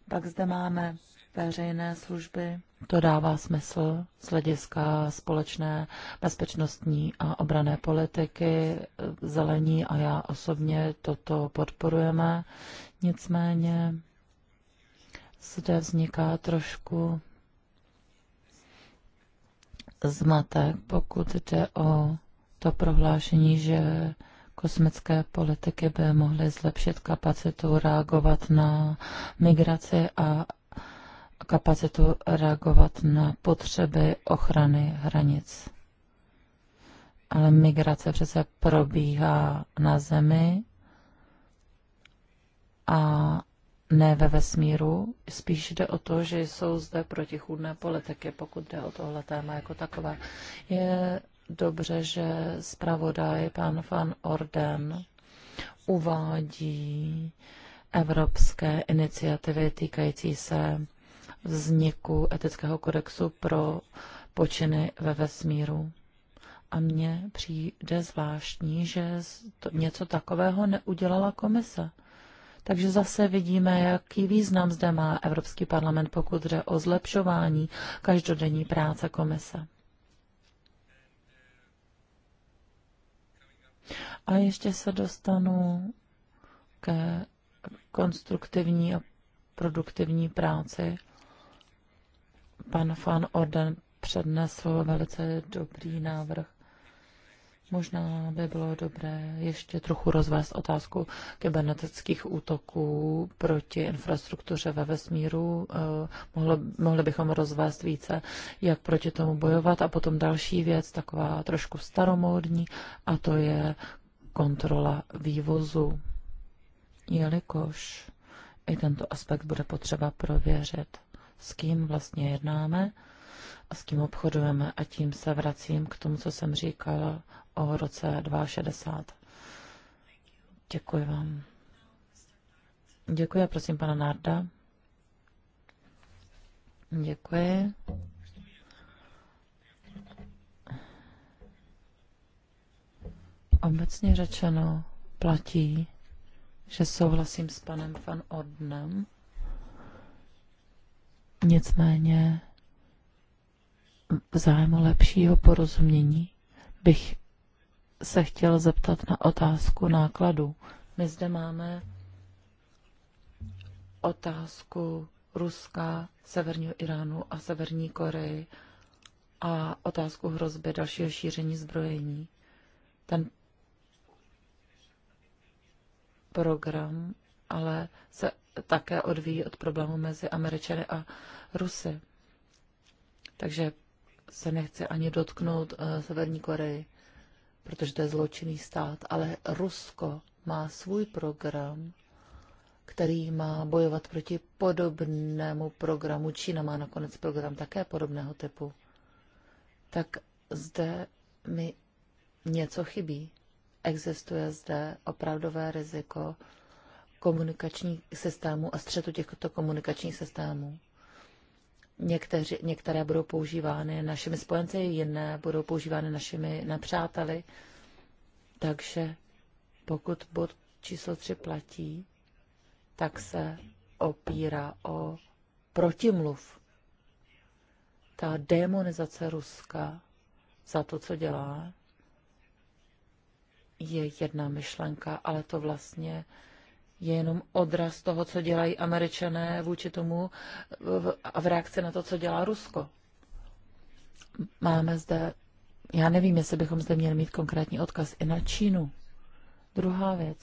Pak zde máme veřejné služby. To dává smysl z hlediska společné bezpečnostní a obrané politiky. Zelení a já osobně toto podporujeme. Nicméně zde vzniká trošku zmatek, pokud jde o to prohlášení, že kosmické politiky by mohly zlepšit kapacitu reagovat na migraci a kapacitu reagovat na potřeby ochrany hranic. Ale migrace přece probíhá na Zemi a ne ve vesmíru. Spíš jde o to, že jsou zde protichůdné politiky, pokud jde o tohle téma jako takové. Je dobře, že zpravodaj pan Van Orden uvádí evropské iniciativy týkající se vzniku etického kodexu pro počiny ve vesmíru. A mně přijde zvláštní, že to, něco takového neudělala komise. Takže zase vidíme, jaký význam zde má Evropský parlament, pokud jde o zlepšování každodenní práce komise. A ještě se dostanu ke konstruktivní a produktivní práci. Pan Fan Orden přednesl velice dobrý návrh Možná by bylo dobré ještě trochu rozvést otázku kybernetických útoků proti infrastruktuře ve vesmíru. Eh, mohli, mohli bychom rozvést více, jak proti tomu bojovat. A potom další věc, taková trošku staromódní, a to je kontrola vývozu. Jelikož i tento aspekt bude potřeba prověřit, s kým vlastně jednáme a s kým obchodujeme. A tím se vracím k tomu, co jsem říkala o roce 260. Děkuji vám. Děkuji a prosím pana Narda. Děkuji. Obecně řečeno platí, že souhlasím s panem Van Ordnem. Nicméně v zájmu lepšího porozumění bych se chtěl zeptat na otázku nákladů. My zde máme otázku Ruska, Severního Iránu a Severní Koreji a otázku hrozby dalšího šíření zbrojení. Ten program ale se také odvíjí od problému mezi Američany a Rusy. Takže se nechci ani dotknout uh, Severní Koreji protože to je zločinný stát, ale Rusko má svůj program, který má bojovat proti podobnému programu. Čína má nakonec program také podobného typu. Tak zde mi něco chybí. Existuje zde opravdové riziko komunikačních systémů a střetu těchto komunikačních systémů. Někteři, některé budou používány našimi spojenci, jiné budou používány našimi nepřáteli. Takže pokud bod číslo 3 platí, tak se opírá o protimluv. Ta demonizace Ruska za to, co dělá, je jedna myšlenka, ale to vlastně je jenom odraz toho, co dělají američané vůči tomu a v reakci na to, co dělá Rusko. Máme zde, já nevím, jestli bychom zde měli mít konkrétní odkaz i na Čínu. Druhá věc,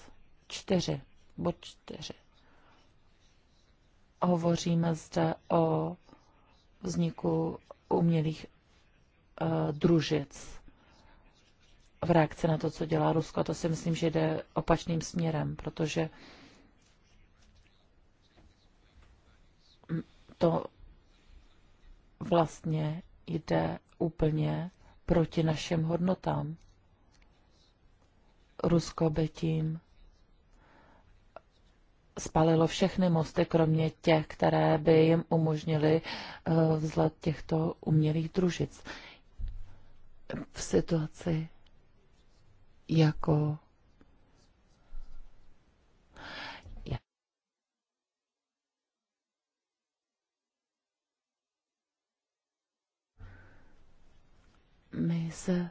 čtyři, bod čtyři. Hovoříme zde o vzniku umělých uh, družic v reakci na to, co dělá Rusko. A to si myslím, že jde opačným směrem, protože to vlastně jde úplně proti našim hodnotám. Rusko by tím spalilo všechny mosty, kromě těch, které by jim umožnily eh, vzlet těchto umělých družic. V situaci jako my se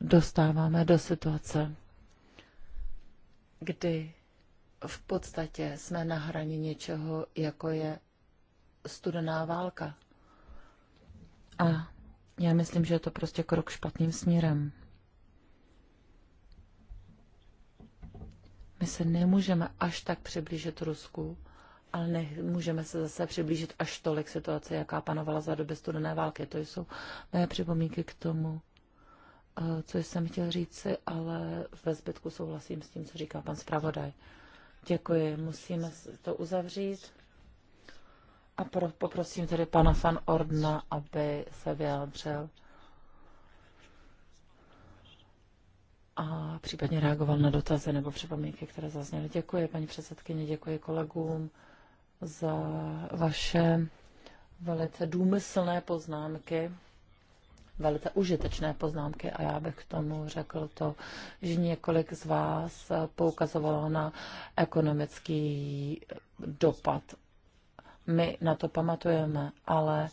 dostáváme do situace, kdy v podstatě jsme na hraně něčeho, jako je studená válka. A já myslím, že je to prostě krok špatným směrem. My se nemůžeme až tak přiblížit Rusku, ale nemůžeme se zase přiblížit až tolik situace, jaká panovala za doby studené války. To jsou mé připomínky k tomu, eh, co jsem chtěl říci, ale ve zbytku souhlasím s tím, co říká pan zpravodaj. Děkuji, musíme to uzavřít. A pro, poprosím tedy pana Fan Ordna, aby se vyjádřil a případně reagoval na dotazy nebo připomínky, které zazněly. Děkuji, paní předsedkyně, děkuji kolegům za vaše velice důmyslné poznámky, velice užitečné poznámky a já bych k tomu řekl to, že několik z vás poukazovalo na ekonomický dopad. My na to pamatujeme, ale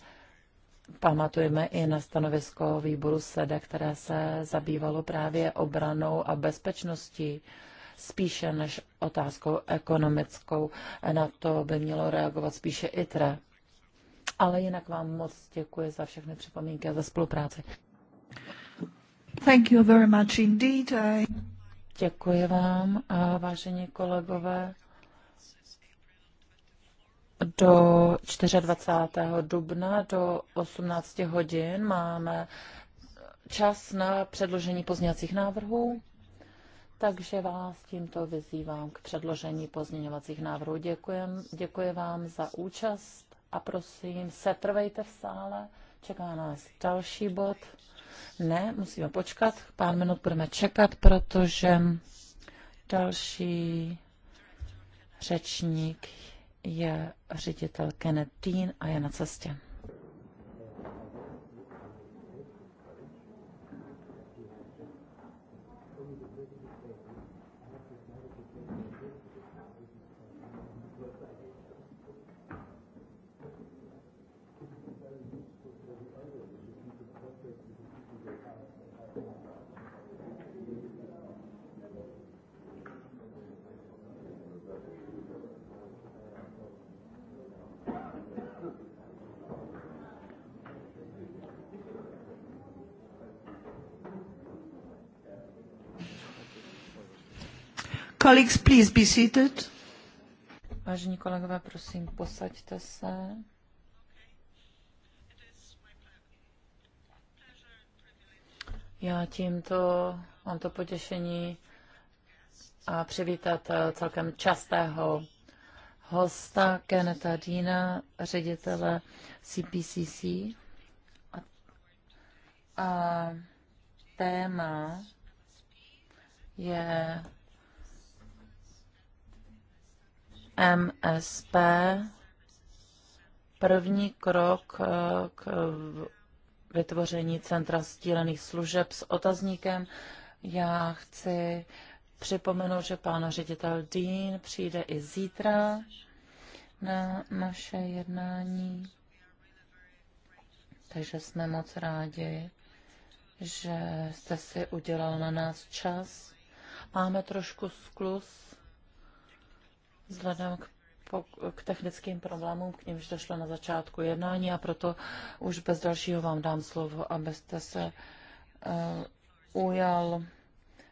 pamatujeme i na stanovisko výboru SEDE, které se zabývalo právě obranou a bezpečností spíše než otázkou ekonomickou. Na to by mělo reagovat spíše ITRE. Ale jinak vám moc děkuji za všechny připomínky a za spolupráci. Thank you very much indeed. I... Děkuji vám, vážení kolegové. Do 24. dubna do 18 hodin máme čas na předložení pozněcích návrhů takže vás tímto vyzývám k předložení pozměňovacích návrhů. Děkujem, děkuji vám za účast a prosím, setrvejte v sále, čeká nás další bod. Ne, musíme počkat, pár minut budeme čekat, protože další řečník je ředitel Kenneth Dean a je na cestě. colleagues, please be seated. Vážení kolegové, prosím, posaďte se. Já tímto mám to potěšení a přivítat eh, celkem častého hosta Keneta Dina, ředitele CPCC. A, a téma je MSP první krok eh, k vytvoření Centra stílených služeb s otazníkem. Já chci připomenout, že pán ředitel Dean přijde i zítra na naše jednání. Takže jsme moc rádi, že jste si udělal na nás čas. Máme trošku sklus vzhledem k, po, k technickým problémům, k nimž došlo na začátku jednání a proto už bez dalšího vám dám slovo, abyste se uh, ujal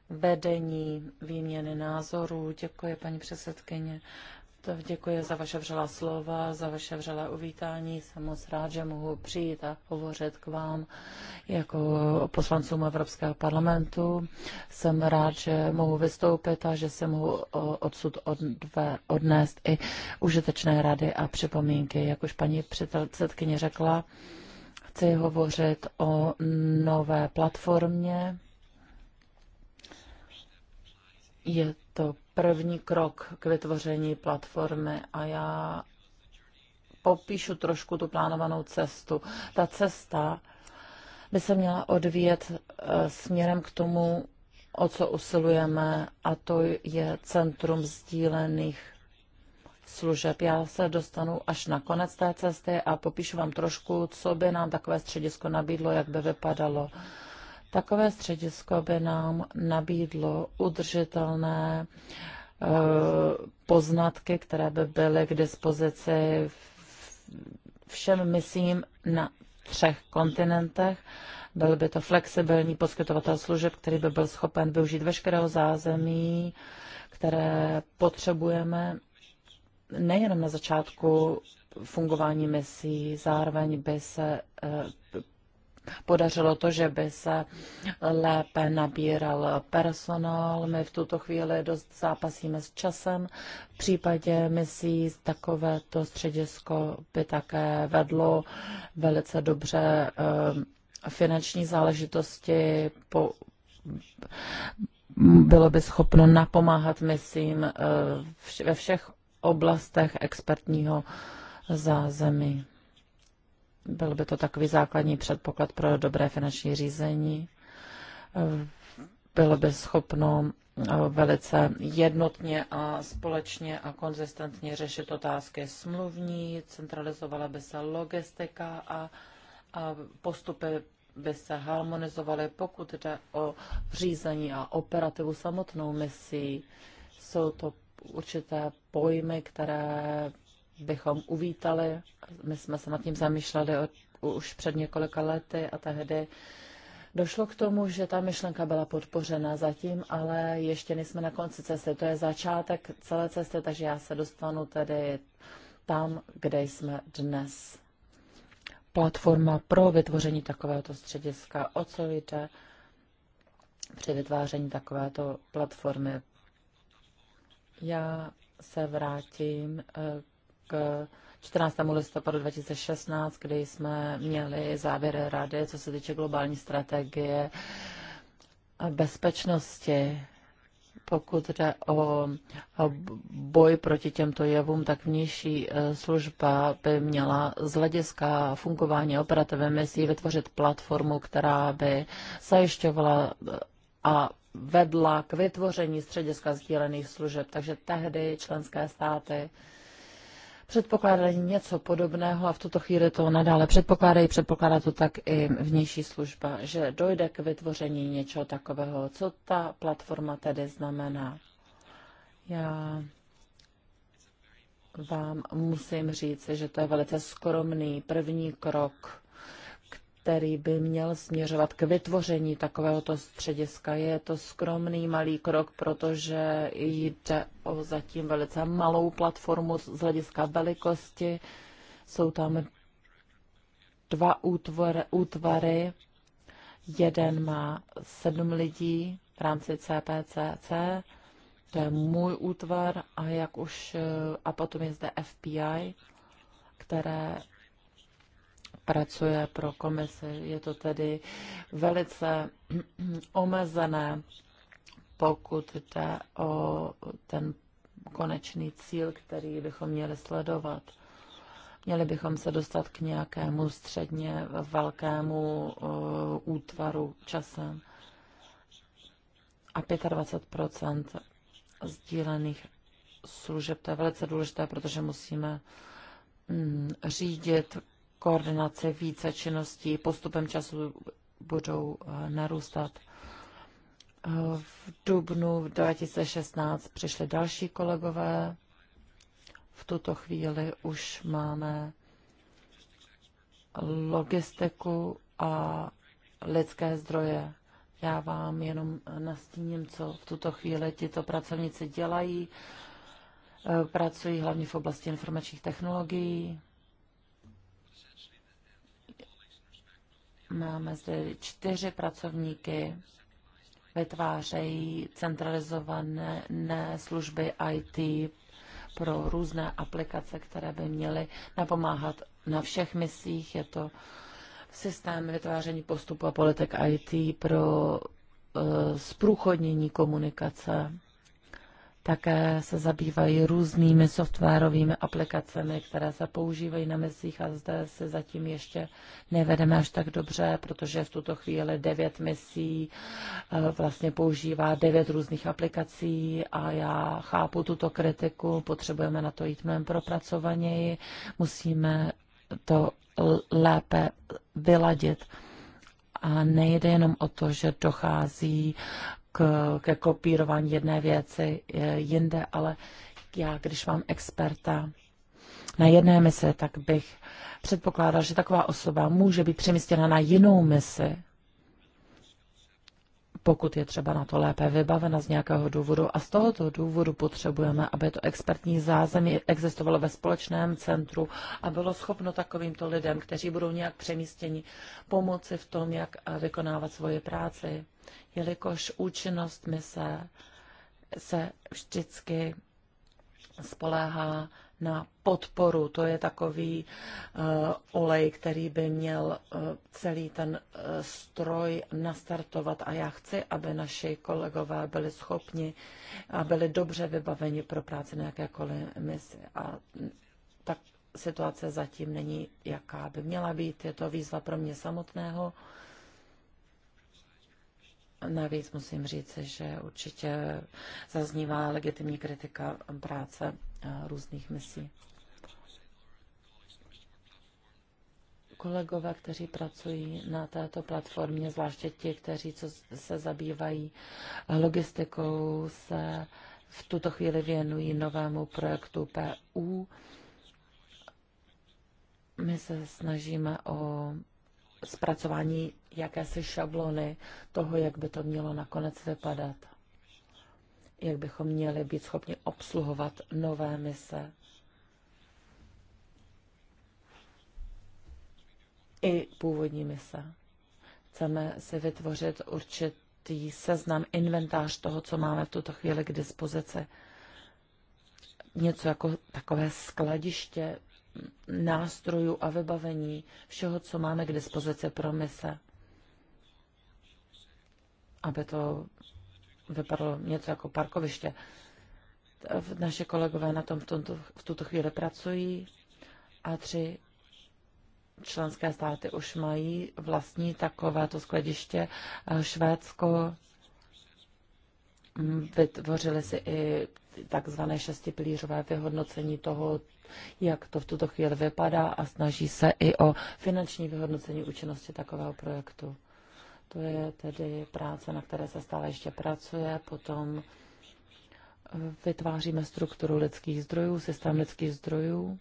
vedení výměny názorů. Děkuji, paní předsedkyně. Děkuji za vaše vřelá slova, za vaše vřelé uvítání. Jsem moc rád, že mohu přijít a hovořit k vám jako poslancům Evropského parlamentu. Jsem rád, že mohu vystoupit a že se mohu odsud odnést i užitečné rady a připomínky. Jak už paní předsedkyně řekla, chci hovořit o nové platformě. Je to první krok k vytvoření platformy a já popíšu trošku tu plánovanou cestu. Ta cesta by se měla odvíjet eh, směrem k tomu, o co usilujeme, a to je centrum sdílených služeb. Já se dostanu až na konec té cesty a popíšu vám trošku, co by nám takové středisko nabídlo, jak by vypadalo. Takové středisko by nám nabídlo udržitelné eh, poznatky, které by byly k dispozici všem misím na třech kontinentech. Byl by to flexibilní poskytovatel služeb, který by byl schopen využít veškerého zázemí, které potřebujeme nejenom na začátku fungování misí, zároveň by se eh, podařilo to, že by se lépe nabíral personál. My v tuto chvíli dost zápasíme s časem. V případě misí takovéto středisko by také vedlo velice dobře eh, finanční záležitosti po bylo by schopno napomáhat misím eh, ve všech oblastech expertního zázemí. Byl by to takový základní předpoklad pro dobré finanční řízení. Bylo by schopno eh, velice jednotně a společně a konzistentně řešit otázky smluvní, centralizovala by se logistika a, a postupy by se harmonizovaly, pokud jde o řízení a operativu samotnou misí. Jsou to určité pojmy, které bychom uvítali. My jsme se nad tím zamýšleli od, už před několika lety a tehdy došlo k tomu, že ta myšlenka byla podpořena zatím, ale ještě nejsme na konci cesty. To je začátek celé cesty, takže já se dostanu tedy tam, kde jsme dnes. Platforma pro vytvoření takovéto střediska, o co jde při vytváření takovéto platformy. Já se vrátím eh, k 14. listopadu 2016, kdy jsme měli závěry rady, co se týče globální strategie bezpečnosti. Pokud jde o boj proti těmto jevům, tak vnější e, služba by měla z hlediska fungování operativy misí vytvořit platformu, která by zajišťovala e, a vedla k vytvoření střediska sdílených služeb. Takže tehdy členské státy předpokládali něco podobného a v tuto chvíli to nadále předpokládají, předpokládá to tak i vnější služba, že dojde k vytvoření něčeho takového. Co ta platforma tedy znamená? Já vám musím říct, že to je velice skromný první krok který by měl směřovat k vytvoření takovéhoto střediska. Je to skromný malý krok, protože jde o zatím velice malou platformu z hlediska velikosti. Jsou tam dva útvor, útvary. Jeden má sedm lidí v rámci CPCC, to je můj útvar a jak už a potom je zde FBI, které pracuje pro komisi. Je to tedy velice omezené, pokud jde o ten konečný cíl, který bychom měli sledovat. Měli bychom se dostat k nějakému středně velkému eh, útvaru časem. A 25 sdílených služeb, to je velice důležité, protože musíme mm, řídit koordinace více činností postupem času budou eh, narůstat. Eh, v dubnu 2016 přišli další kolegové. V tuto chvíli už máme logistiku a lidské zdroje. Já vám jenom eh, nastíním, co v tuto chvíli tito pracovníci dělají. Pracují hlavně v oblasti informačních technologií, Máme zde čtyři pracovníky, vytvářejí centralizované služby IT pro různé aplikace, které by měly napomáhat na všech misích. Je to systém vytváření postupu a politik IT pro e, zprůchodnění komunikace také se zabývají různými softwarovými aplikacemi, které se používají na misích a zde se zatím ještě nevedeme až tak dobře, protože v tuto chvíli devět misí eh, vlastně používá devět různých aplikací a já chápu tuto kritiku, potřebujeme na to jít mnohem propracovaněji, musíme to lépe vyladit. A nejde jenom o to, že dochází k, ke kopírování jedné věci jinde, ale já, když mám experta na jedné misi, tak bych předpokládal, že taková osoba může být přemístěna na jinou misi, pokud je třeba na to lépe vybavena z nějakého důvodu. A z tohoto důvodu potřebujeme, aby to expertní zázemí existovalo ve společném centru a bylo schopno takovýmto lidem, kteří budou nějak přemístěni, pomoci v tom, jak eh, vykonávat svoji práci jelikož účinnost mise se vždycky spoléhá na podporu. To je takový uh, olej, který by měl uh, celý ten uh, stroj nastartovat a já chci, aby naši kolegové byli schopni a byli dobře vybaveni pro práci na jakékoliv misi. A tak situace zatím není, jaká by měla být. Je to výzva pro mě samotného. Uh, Navíc musím říct, že určitě zaznívá legitimní kritika práce eh, různých misí. Kolegové, kteří pracují na této platformě, zvláště ti, kteří co se zabývají logistikou, se v tuto chvíli věnují novému projektu PU. My se snažíme o zpracování jakési šablony toho, jak by to mělo nakonec vypadat. Jak bychom měli být schopni obsluhovat nové mise. I původní mise. Chceme si vytvořit určitý seznam, inventář toho, co máme v tuto chvíli k dispozici. Něco jako takové skladiště nástrojů a vybavení, všeho, co máme k dispozici pro mise, aby to vypadalo něco jako parkoviště. Naše kolegové na tom v, tomto, v tuto chvíli pracují a tři členské státy už mají vlastní takovéto skladiště. Švédsko mm, vytvořili si i takzvané šestipilířové vyhodnocení toho, jak to v tuto chvíli vypadá a snaží se i o finanční vyhodnocení účinnosti takového projektu. To je tedy práce, na které se stále ještě pracuje. Potom eh, vytváříme strukturu lidských zdrojů, systém lidských zdrojů.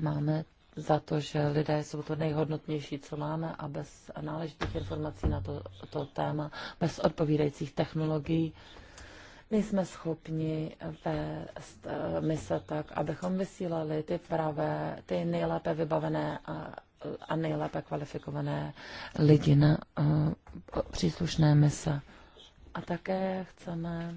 Máme za to, že lidé jsou to nejhodnotnější, co máme a bez náležitých informací na to, to téma, bez odpovídajících technologií my jsme schopni vést eh, mise tak, abychom vysílali ty pravé, ty nejlépe vybavené a, a nejlépe kvalifikované lidi na eh, příslušné mise. A také chceme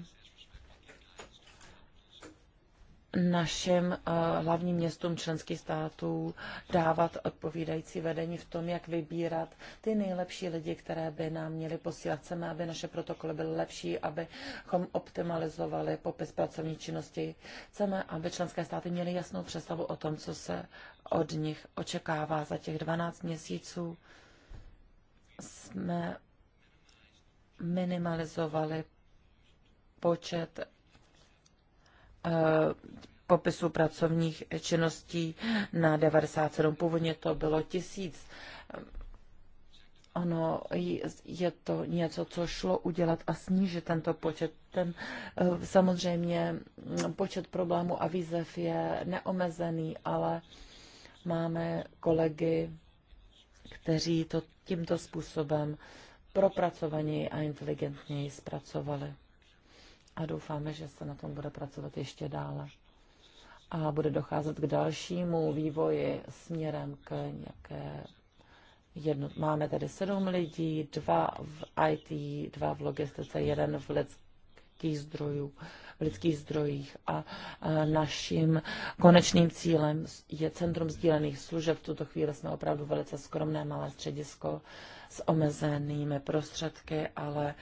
našim eh, hlavním městům členských států dávat odpovídající vedení v tom, jak vybírat ty nejlepší lidi, které by nám měli posílat. Chceme, aby naše protokoly byly lepší, abychom optimalizovali popis pracovní činnosti. Chceme, aby členské státy měly jasnou představu o tom, co se od nich očekává za těch 12 měsíců. Jsme minimalizovali počet Eh, popisu pracovních činností na 97. Původně to bylo tisíc. Ono je to něco, co šlo udělat a snížit tento počet. Ten eh, samozřejmě mm, počet problémů a výzev je neomezený, ale máme kolegy, kteří to tímto způsobem propracovaněji a inteligentněji zpracovali a doufáme, že se na tom bude pracovat ještě dále a bude docházet k dalšímu vývoji směrem k nějaké jedno, máme tady sedm lidí, dva v IT, dva v logistice, jeden v lidských zdrojů, v lidských zdrojích a, a naším konečným cílem je Centrum sdílených služeb. V tuto chvíli jsme opravdu velice skromné malé středisko s omezenými prostředky, ale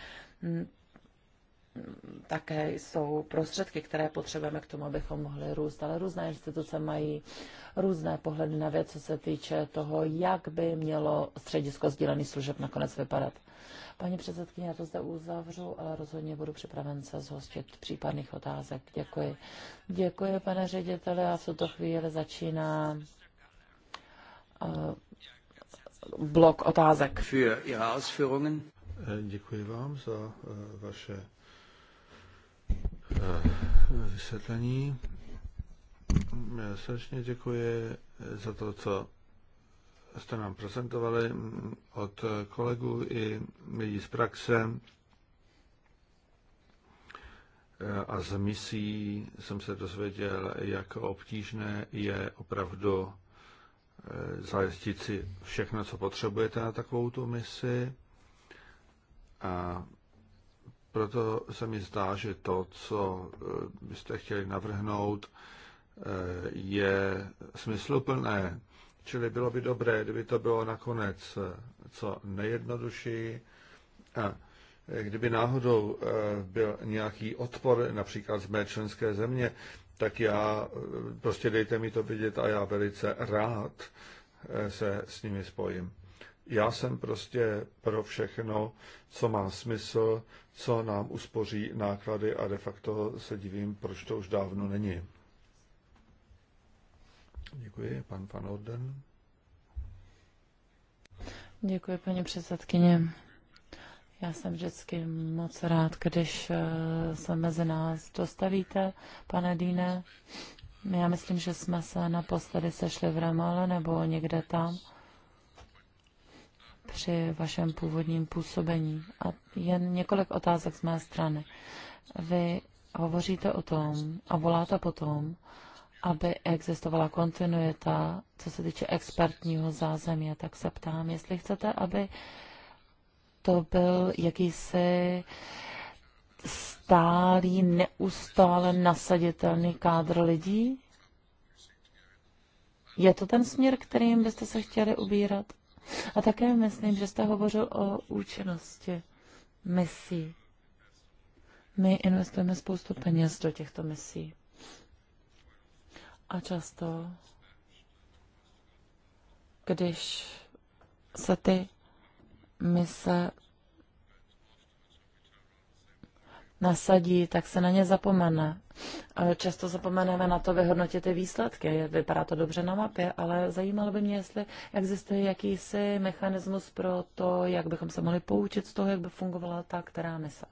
také jsou prostředky, které potřebujeme k tomu, abychom mohli růst. Ale různé instituce mají různé pohledy na věc, co se týče toho, jak by mělo středisko sdílených služeb nakonec vypadat. Paní předsedkyně, já to zde uzavřu, ale rozhodně budu připraven se zhostit případných otázek. Děkuji. Děkuji, pane řediteli, a v tuto chvíli začíná eh, blok otázek. Eh, děkuji vám za eh, vaše Eh, vysvětlení. Srdečně děkuji eh, za to, co jste nám prezentovali mm, od kolegů i lidí z praxe eh, a z misí jsem se dozvěděl, jak obtížné je opravdu zajistit si všechno, co potřebujete na takovou tu misi. A proto se mi zdá, že to, co eh, byste chtěli navrhnout, eh, je smysluplné. Čili bylo by dobré, kdyby to bylo nakonec eh, co nejjednodušší. A kdyby náhodou byl nějaký odpor, například z mé členské země, tak já, prostě dejte mi to vidět a já velice rád se s nimi spojím. Já jsem prostě pro všechno, co má smysl, co nám uspoří náklady a de facto se divím, proč to už dávno není. Děkuji, pan Van Orden. Děkuji, paní předsedkyně. Já jsem vždycky moc rád, když eh, se mezi nás dostavíte, pane Dýne. Já myslím, že jsme se naposledy sešli v Ramale nebo někde tam při vašem původním působení. A jen několik otázek z mé strany. Vy hovoříte o tom a voláte potom, aby existovala kontinuita, co se týče expertního zázemí. Tak se ptám, jestli chcete, aby to byl jakýsi stálý, neustále nasaditelný kádr lidí? Je to ten směr, kterým byste se chtěli ubírat? A také myslím, že jste hovořil o účinnosti misí. My investujeme spoustu peněz do těchto misí. A často, když se ty mise nasadí, tak se na ně zapomene. Často zapomeneme na to vyhodnotit ty výsledky. Vypadá to dobře na mapě, ale zajímalo by mě, jestli existuje jakýsi mechanismus pro to, jak bychom se mohli poučit z toho, jak by fungovala ta která mise.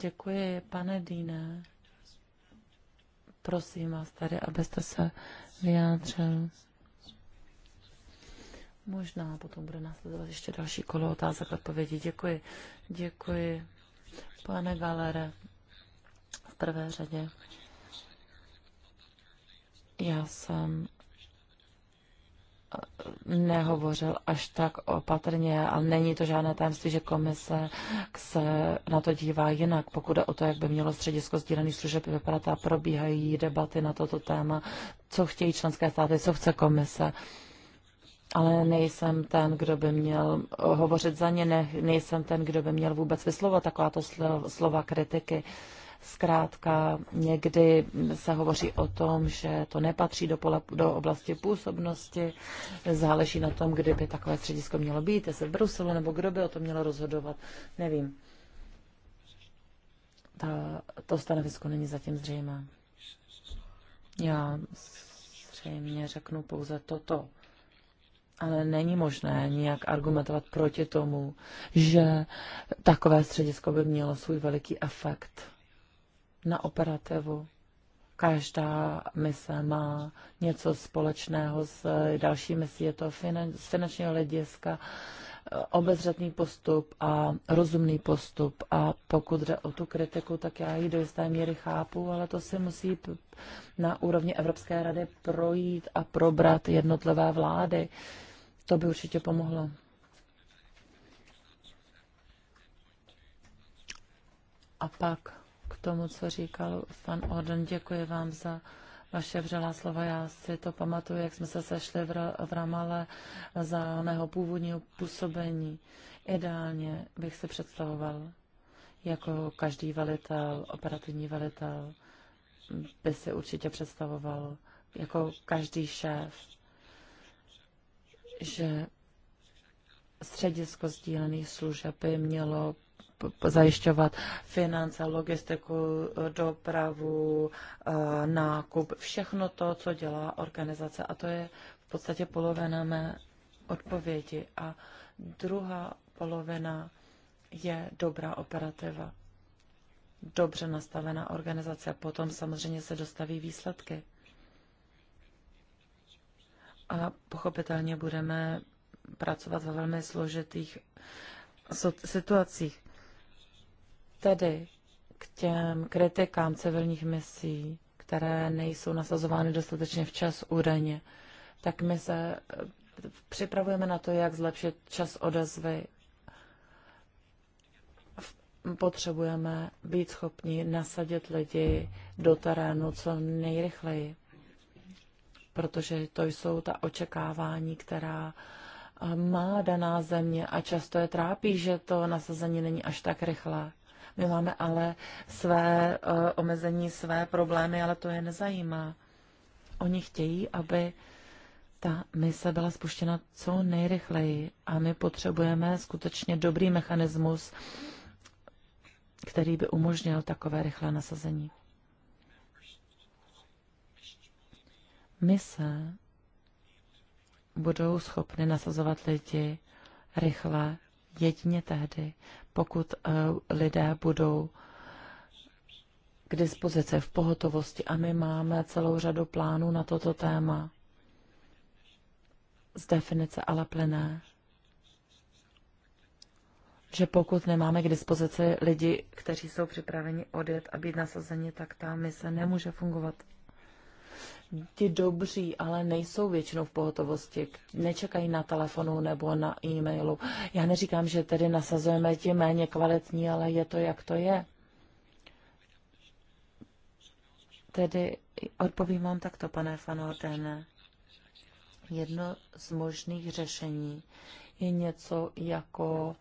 Děkuji, pane Dýne. Prosím vás tady, abyste se vyjádřil. Možná potom bude následovat ještě další kolo otázek a odpovědi. Děkuji. Děkuji. Pane Galere, v prvé řadě já jsem eh, nehovořil až tak opatrně a není to žádné tajemství, že komise se na to dívá jinak. Pokud jde o to, jak by mělo středisko sdílených služeb vypadat a probíhají debaty na toto téma, co chtějí členské státy, co chce komise ale nejsem ten, kdo by měl hovořit za ně, ne, nejsem ten, kdo by měl vůbec vyslovat takováto slova, slova kritiky. Zkrátka někdy se hovoří o tom, že to nepatří do, pole, do oblasti působnosti, záleží na tom, kdy by takové středisko mělo být, jestli v Bruselu, nebo kdo by o tom měl rozhodovat, nevím. Ta, to stanovisko není zatím zřejmé. Já zřejmě řeknu pouze toto ale není možné nějak argumentovat proti tomu, že takové středisko by mělo svůj veliký efekt na operativu. Každá mise má něco společného s další misí. Je to z finančního hlediska eh, obezřetný postup a rozumný postup. A pokud jde o tu kritiku, tak já ji do jisté míry chápu, ale to si musí na úrovni Evropské rady projít a probrat jednotlivé vlády. To by určitě pomohlo. A pak k tomu, co říkal pan Orden, děkuji vám za vaše vřelá slova. Já si to pamatuju, jak jsme se sešli v, v Ramale za mého původního působení. Ideálně bych se představoval, jako každý velitel, operativní velitel, by si určitě představoval, jako každý šéf, že středisko sdílených služeb by mělo zajišťovat finance, logistiku, dopravu, eh, nákup, všechno to, co dělá organizace. A to je v podstatě polovina mé odpovědi. A druhá polovina je dobrá operativa. Dobře nastavená organizace. Potom samozřejmě se dostaví výsledky a pochopitelně budeme pracovat ve velmi složitých situacích. Tedy k těm kritikám civilních misí, které nejsou nasazovány dostatečně včas údajně, tak my se eh, připravujeme na to, jak zlepšit čas odezvy. Potřebujeme být schopni nasadit lidi do terénu co nejrychleji protože to jsou ta očekávání, která eh, má daná země a často je trápí, že to nasazení není až tak rychlé. My máme ale své uh, omezení, své problémy, ale to je nezajímá. Oni chtějí, aby ta mise byla spuštěna co nejrychleji a my potřebujeme skutečně dobrý mechanismus, který by umožnil takové rychlé nasazení. mise budou schopny nasazovat lidi rychle jedině tehdy, pokud eh, lidé budou k dispozici v pohotovosti. A my máme celou řadu plánů na toto téma. Z definice ale plené. Že pokud nemáme k dispozici lidi, kteří jsou připraveni odjet a být nasazeni, tak ta mise nemůže fungovat ti dobří, ale nejsou většinou v pohotovosti, nečekají na telefonu nebo na e-mailu. Já neříkám, že tedy nasazujeme ti méně kvalitní, ale je to, jak to je. Tedy odpovím vám takto, pane Van Jedno z možných řešení je něco jako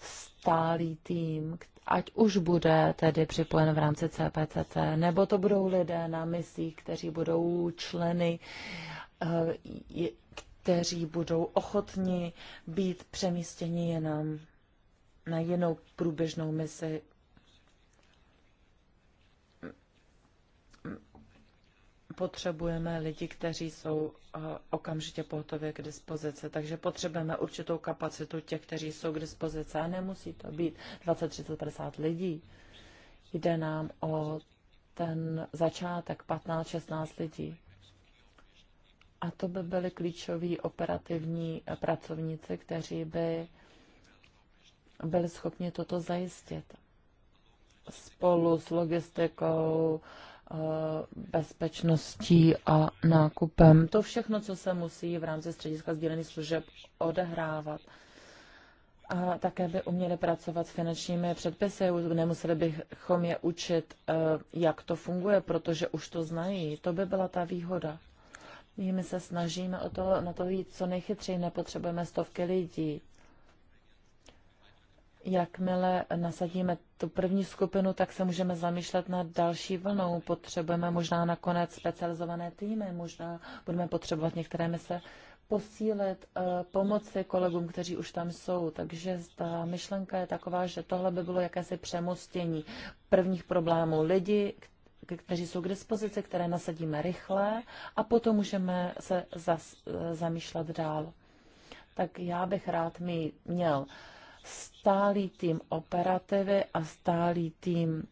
stálý tým, který ať už bude tedy připojen v rámci CPCC, nebo to budou lidé na misích, kteří budou členy, eh, kteří budou ochotni být přemístěni jenom na jinou průběžnou misi potřebujeme lidi, kteří jsou eh, okamžitě pohotově k dispozici. Takže potřebujeme určitou kapacitu těch, kteří jsou k dispozici. A nemusí to být 20, 30, 50 lidí. Jde nám o ten začátek 15, 16 lidí. A to by byli klíčoví operativní pracovníci, kteří by byli schopni toto zajistit. Spolu s logistikou, Eh, bezpečností a nákupem. To všechno, co se musí v rámci střediska sdílených služeb odehrávat. A také by uměli pracovat s finančními předpisy, nemuseli bychom je učit, eh, jak to funguje, protože už to znají. To by byla ta výhoda. My se snažíme o to, na to jít co nejchytřej, nepotřebujeme stovky lidí jakmile nasadíme tu první skupinu, tak se můžeme zamýšlet nad další vlnou. Potřebujeme možná nakonec specializované týmy, možná budeme potřebovat některé mise posílit, eh, pomoci kolegům, kteří už tam jsou. Takže ta myšlenka je taková, že tohle by bylo jakési přemostění prvních problémů lidi, kteří jsou k dispozici, které nasadíme rychle a potom můžeme se zas, eh, zamýšlet dál. Tak já bych rád mi měl uh, stálý tým operativy a stálý tým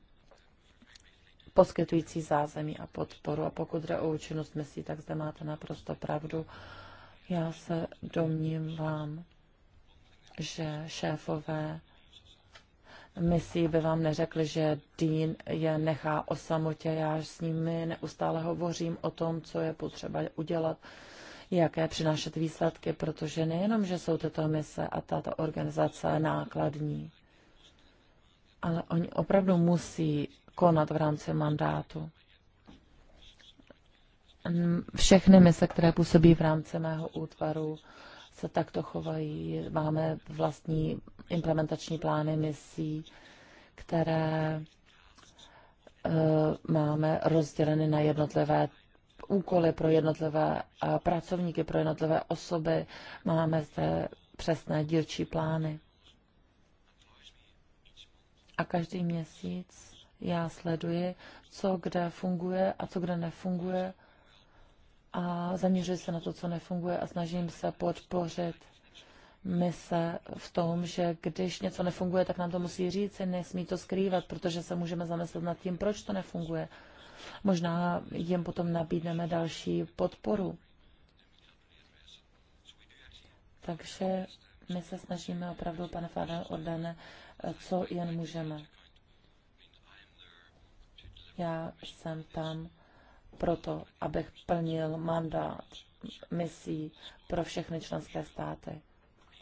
poskytující zázemí a podporu. A pokud jde o účinnost misí, tak zde máte naprosto pravdu. Já se domnívám, že šéfové misí by vám neřekli, že Dean je nechá o samotě. Já s nimi neustále hovořím o tom, co je potřeba udělat jaké přinášet výsledky, protože nejenom, že jsou tyto mise a tato organizace nákladní, ale oni opravdu musí konat v rámci mandátu. Všechny mise, které působí v rámci mého útvaru, se takto chovají. Máme vlastní implementační plány misí, které eh, máme rozděleny na jednotlivé úkoly pro jednotlivé pracovníky, pro jednotlivé osoby. Máme zde přesné dílčí plány. A každý měsíc já sleduji, co kde funguje a co kde nefunguje a zaměřuji se na to, co nefunguje a snažím se podpořit se v tom, že když něco nefunguje, tak nám to musí říct, nesmí to skrývat, protože se můžeme zamyslet nad tím, proč to nefunguje. Možná jim potom nabídneme další podporu. Takže my se snažíme opravdu, pane Fáda, Ordane, co jen můžeme. Já jsem tam proto, abych plnil mandát misí pro všechny členské státy.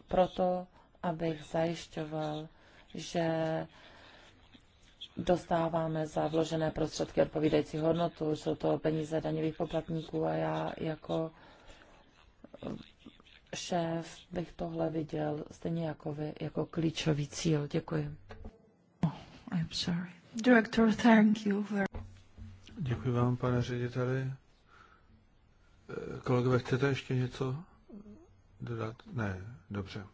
Proto, abych zajišťoval, že dostáváme za vložené prostředky odpovídající hodnotu. Jsou to peníze daňových poplatníků a já jako šéf bych tohle viděl stejně jako vy, jako klíčový cíl. Děkuji. Oh, I'm sorry. Director, thank you very... Děkuji vám, pane řediteli. Eh, kolegové, chcete ještě něco dodat? Ne, dobře.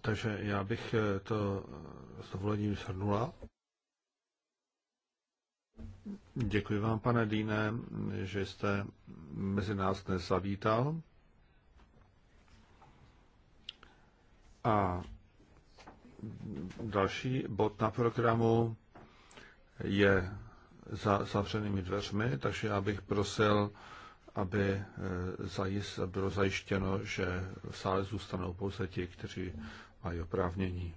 Takže já bych eh, to eh, s dovolením shrnula. Děkuji vám, pane Dýne, že jste mezi nás dnes zavítal. A další bod na programu je za zavřenými dveřmi, takže já bych prosil, aby eh, zajist, bylo zajištěno, že v sále zůstanou pouze ti, kteří a i oprávnění.